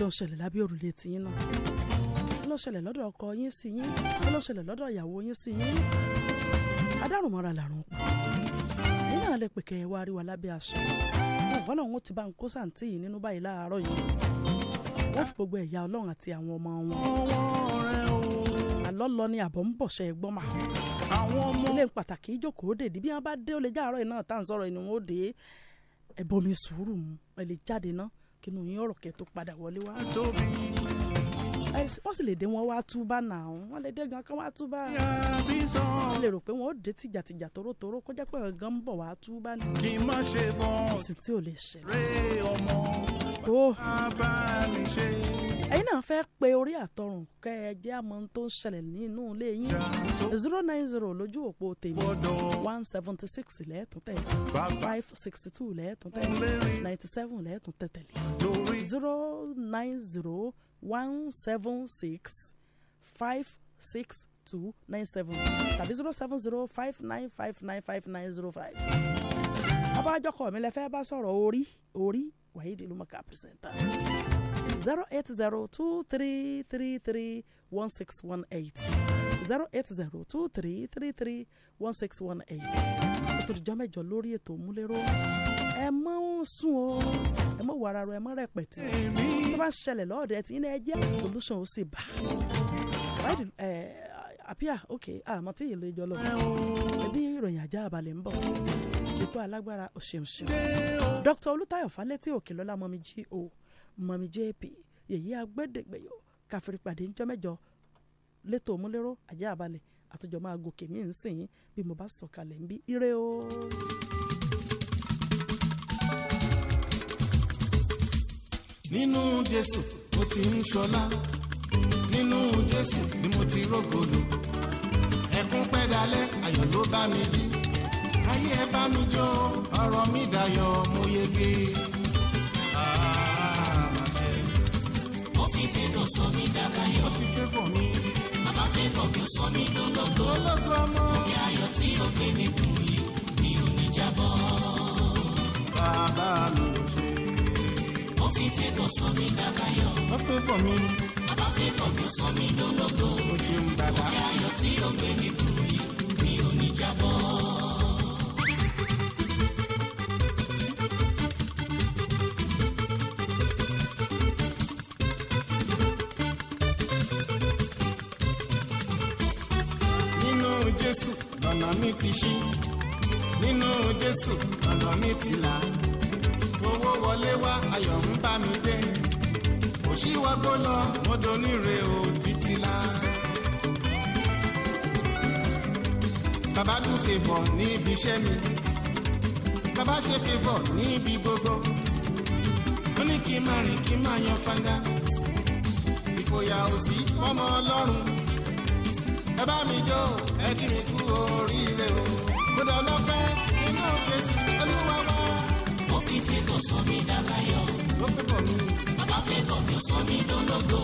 ló ń ṣẹlẹ̀ lábẹ́ òrùlé tiyín náà kí ló ń ṣẹlẹ̀ lọ́dọ̀ ọkọ yín sí yín kí ló ń ṣẹlẹ̀ lọ́dọ̀ ìyàwó yín sí yín adárùnmọ́ra làrùn pa èyí náà lè pè ẹ wá rí wa lábẹ́ aṣọ ọ̀gá náà wọ́n ti bá ń kó sàǹtì yìí nínú báyìí láàárọ̀ yìí wọ́n fi gbogbo ẹ̀yà ọlọ́run àti àwọn ọmọ wọn àlọ́ lọ ni àbọ̀ ń bọ̀ ṣe é gbọ́n mà ilé pàtàkì ìjókòó dèdí bí wọ́n bá dé ó lè já àárọ̀ yìí náà tá à ń sọ̀rọ̀ yìí ni wọ́n ó dé ẹ̀bọmi sùúrù mu ẹ lè jáde náà kínú yín ọ̀rọ̀ kẹ́ tó padà wọlé wá. wọ́n sì lè dé wọn wá túbá náà wọ́n lè dé gan kan wá túbá. wọ́n lè rò pé wọ́n ó dé tìjàtìjà tórótóró kó jẹ́ pé ọ̀gán ń bọ̀ wá túbá ni. kí n má ṣe bọ́. kò tí ò lè ṣẹlẹ̀. ré ọmọ tó ẹ̀yin náà fẹ́ pe orí àtọrùn kẹ́ ẹ jẹ́ àmọ́ tó ń ṣẹlẹ̀ nínú ilé yín zero nine zero lójú òpó tèmi one seventy six lẹ́ẹ̀tún tẹ̀ five sixty two lẹ́ẹ̀tún tẹ̀ ninety seven lẹ́ẹ̀tún tẹ̀ tẹ̀lé zero nine zero one seven six five six two nine seven tàbí zero seven zero five nine five nine five nine zero five abájọkọ mi lè fẹ́ bá sọ̀rọ̀ orí orí wàhídì lumaka pírẹsẹ̀ntà zero eight zero two three three three one six one eight zero eight zero two three three three one six one eight ètò ìjọ lórí ètò múlẹ́rọ́ ẹ mọ́ ń sùn o ẹ mọ́ wàrà rẹ ẹ mọ́ rẹpẹ̀tì tó bá ṣẹlẹ̀ lọ́ọ̀dẹ̀ tí ní ẹ jẹ́ solution ó sì bá wàhídì ẹ̀ àpíà ok àmọ́ tí ìlú ìjọ lọ ẹbí ìròyìn ajá àbálẹ̀ ń bọ̀ ètò alágbára òṣèǹṣìn Dr. Olùtayọ̀ Fálétí òkè lọ́lá mọ́mí jí o mọ́mí jp yèyí agbẹ́dẹ̀gbẹ̀yọ káfíńpàdé ńjọ́ mẹ́jọ lẹ́tọ̀ òmúlérò ajá àbálẹ̀ àtọjọ́ máa gòkè mí ń sìn bí mo bá sọ̀kalẹ̀ ń bí ire o. nínú Jésù mo ti ń ṣọlá inú Jésù ni mo ti rógolo ẹkún pẹ́ dalẹ́ ayọ̀ ló bá mi jí ayé ẹ bá mi jó ọ̀rọ̀ mi dayọ̀ mo yege. ó fi sọ mí dálayọ̀ ó ti fẹ́fọ̀ mi. bàbá sọ mí lólógo lólógo ọmọ òkè ayọ̀ tí ó gbé mi dùn yìí mi ò ní jábọ́. bàbá mi ò ṣe. ó fi sọ mí dálayọ̀ ó fẹ́fọ̀ mi fi kọ̀dọ̀ sọ mí dológo. o ṣeun bàbá. òkè ayọ̀ tí ó gbé mi kúrò yìí mi ò ní jábọ́. lọ́nà mi ti ṣí nínú jésù lọ́nà mi ti là owó wọlé wá ayọ̀ ń bá mi dé ṣíwágbó lọ wọ́n doníre o títí la. bàbá dùn fèvọ̀ ní ibi iṣẹ́ mi bàbá ṣe fèvọ̀ ní ibi gbogbo ó ní kí n máa rìn kí n máa yan fanda ìfòyà ò sí fọmọ ọlọ́run ẹ bá mi jó ẹ kí mi kú oríire o gbọdọ̀ lọ́pẹ́ nínú òkè sí olúwa wá. ó fi fèvọ̀ sọ mi dá láyọ̀. ó fèvọ̀ mi káfíńkọ̀ mi sọ mí dológo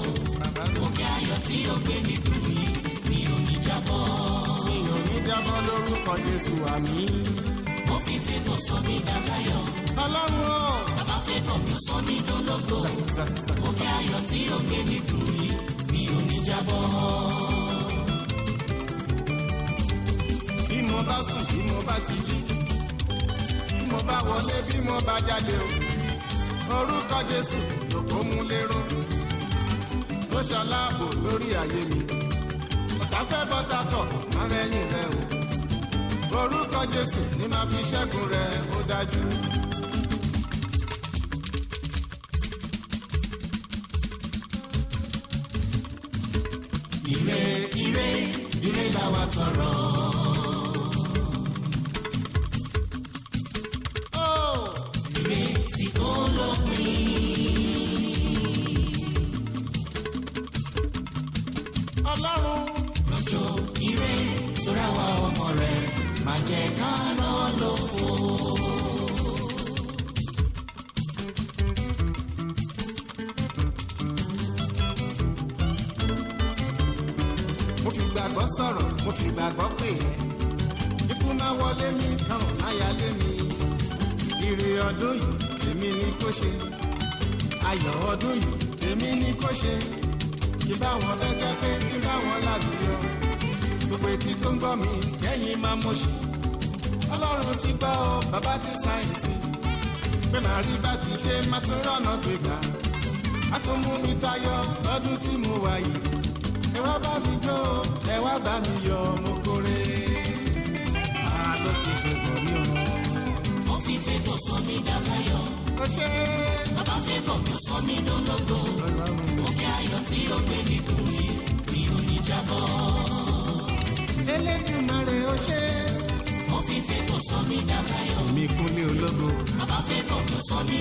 òkè ayọ̀ tí ó gbé mi dùn yìí mi ò ní jábọ́. mi ò ní jábọ́ lórúkọ Jésù àmì. mo fi fífọ́ sọ mí dáláyọ̀. ọlọ́run o. bàbá fífọ́ mi sọ mí dológo òkè ayọ̀ tí ó gbé mi dùn yìí mi ò ní jábọ́. bí mo bá sùn bí mo bá ti jí bí mo bá wọlé bí mo bá jáde o orúkọ Jésù tó lérò tó ṣaláàbò lórí ayé mi ọ̀tá fẹ́ bọ́tà kọ̀ mara ẹ̀yìn rẹ o orúkọ Jésù ni màá fi ṣẹ́gun rẹ ó dájú. ire ire ire làwa tọrọ. pé màá rí bá ti ṣe má tó rọ̀nà gbégbá á tó mú mi tayọ lọ́dún tí mo wà yìí ẹ wá bá mi jó ẹ wá bá mi yọ̀ mo kórè àá ló ti fẹ̀gbọ̀n mi o. ó fi fẹ́tọ̀ sọ mi dá ó ṣe. bàbá fẹ́tọ̀ tó sọ mi dólógo òkè ayọ̀ tí ó gbé mi kúrì mi ò ní jábọ́. elédùnmarè ó ṣe mo fi fẹ́kọ̀ sọ mí dáláyọ̀. mi kúnlé ológo. bàbá fẹ́kọ̀ tó sọ mí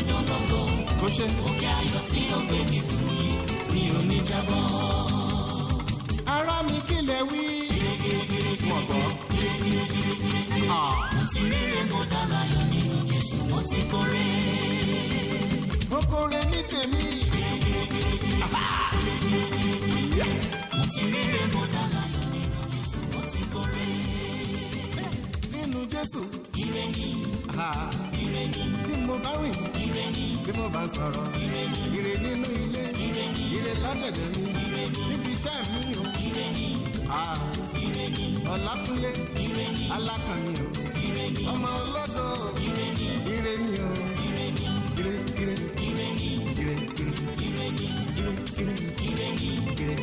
kó ṣe. òkè ayọ̀ tí ó gbé mi kú yìí mi ò ní jábọ́. ara mi kílẹ̀ wí. wọ́n ah. mo ti rere mo dáláyọ̀ nínú Jésù mo ti kórè. mo kórè ní tèmi. Ah. mo ti rere mo dáláyọ̀ nínú Jésù mo ti kórè nínú Jésù. Ire ni. Ire ni. Tí mo bá rìn. Ire ni. Tí mo bá sọ̀rọ̀. Ire ni. Ire nínú ilé. Ire ni. Ire lọ́dẹ̀dẹ̀ mi. Ire ni. Níbi iṣẹ́ mi o. Ire ni. Ire ni. Ọlákúnlé. Ire ni. Alákànni o. Ire ni. Ọmọ ọlọ́dọ̀. Ire ni. Ire ni o. Ire ni. Ire ire. Ire ni. Ire ire. Ire ni. Ire ire. Ire ni. Ire ire.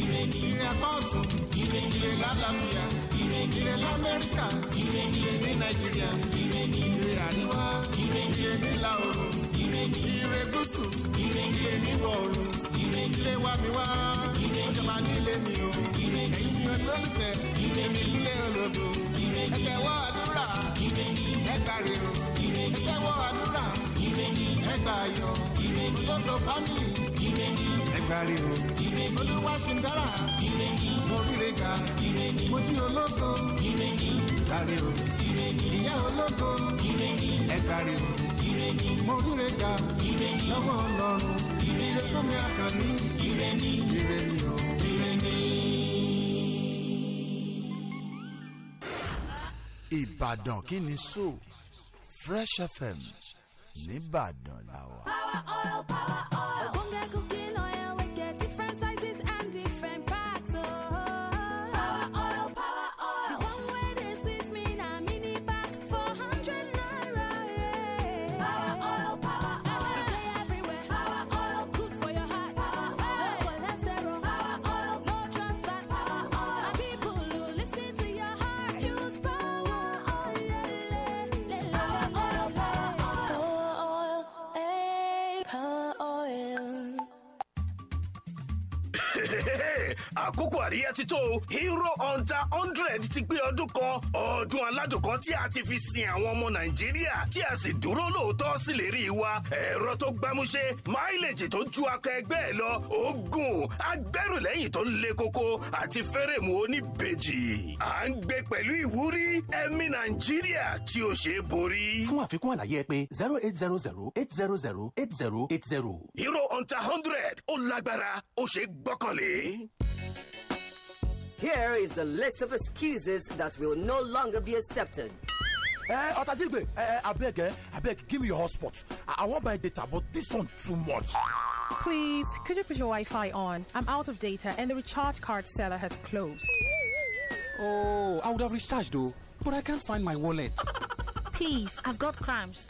Ire ni. Ire apá ọ̀tún. Ire ni. Ire lálàáfíà ire lamẹ́ríkà ire ní nàìjíríà ire àríwá ire nílà oòrùn ire gúúsù ire níwọ̀ oòrùn ilé wa mi wá ọjọba nílé mi o ẹ̀yin olólùfẹ́ ilé olódo ẹgbẹ́ wọ àdúrà ẹgbàre o ẹgbẹ́ wọ àdúrà ẹgbàyọ olódo fámìlì ẹgbàre o olúwa ṣìndára mo ìrẹni mo jí ológo ìrẹni ìgbàre o ìrẹni ìyá ológo ìrẹni ẹgbàre o ìrẹni mo ríre ga ìrẹni lọ́wọ́ ọlọ́run ìrẹni tó mi àkànní ìrẹni ìrẹni o ìrẹni. Ìbàdàn kí ni so Fresh FM nìbàdàn làwà. power oil power oil. àríyá ti tó o hero hunter hundred ti gbé ọdún kan ọdún aládùn kan tí a ti fi sin àwọn ọmọ nàìjíríà tí a sì dúró lóòótọ́ sí lè rí i wa ẹ̀rọ tó gbámúṣé máìlèjì tó ju akọ ẹgbẹ́ ẹ lọ oògùn agbẹrùlẹ́yìn tó le koko àti fẹ́rẹ̀mù oníbejì à ń gbé pẹ̀lú ìwúrí ẹ̀mí nàìjíríà tí ó ṣe é borí. fún àfikún àlàyé ẹ pé zero eight zero zero eight zero zero eight zero eight zero. hero hunter hundred ó lágbára ó ṣe é gbọ́kànlé. Here is the list of excuses that will no longer be accepted. Eh, Otajigbe, eh, abeg, eh, abeg, eh, give me your hotspot. I, I want my data, but this one too much. Please, could you put your Wi-Fi on? I'm out of data and the recharge card seller has closed. Oh, I would have recharged though, but I can't find my wallet. Please, I've got cramps.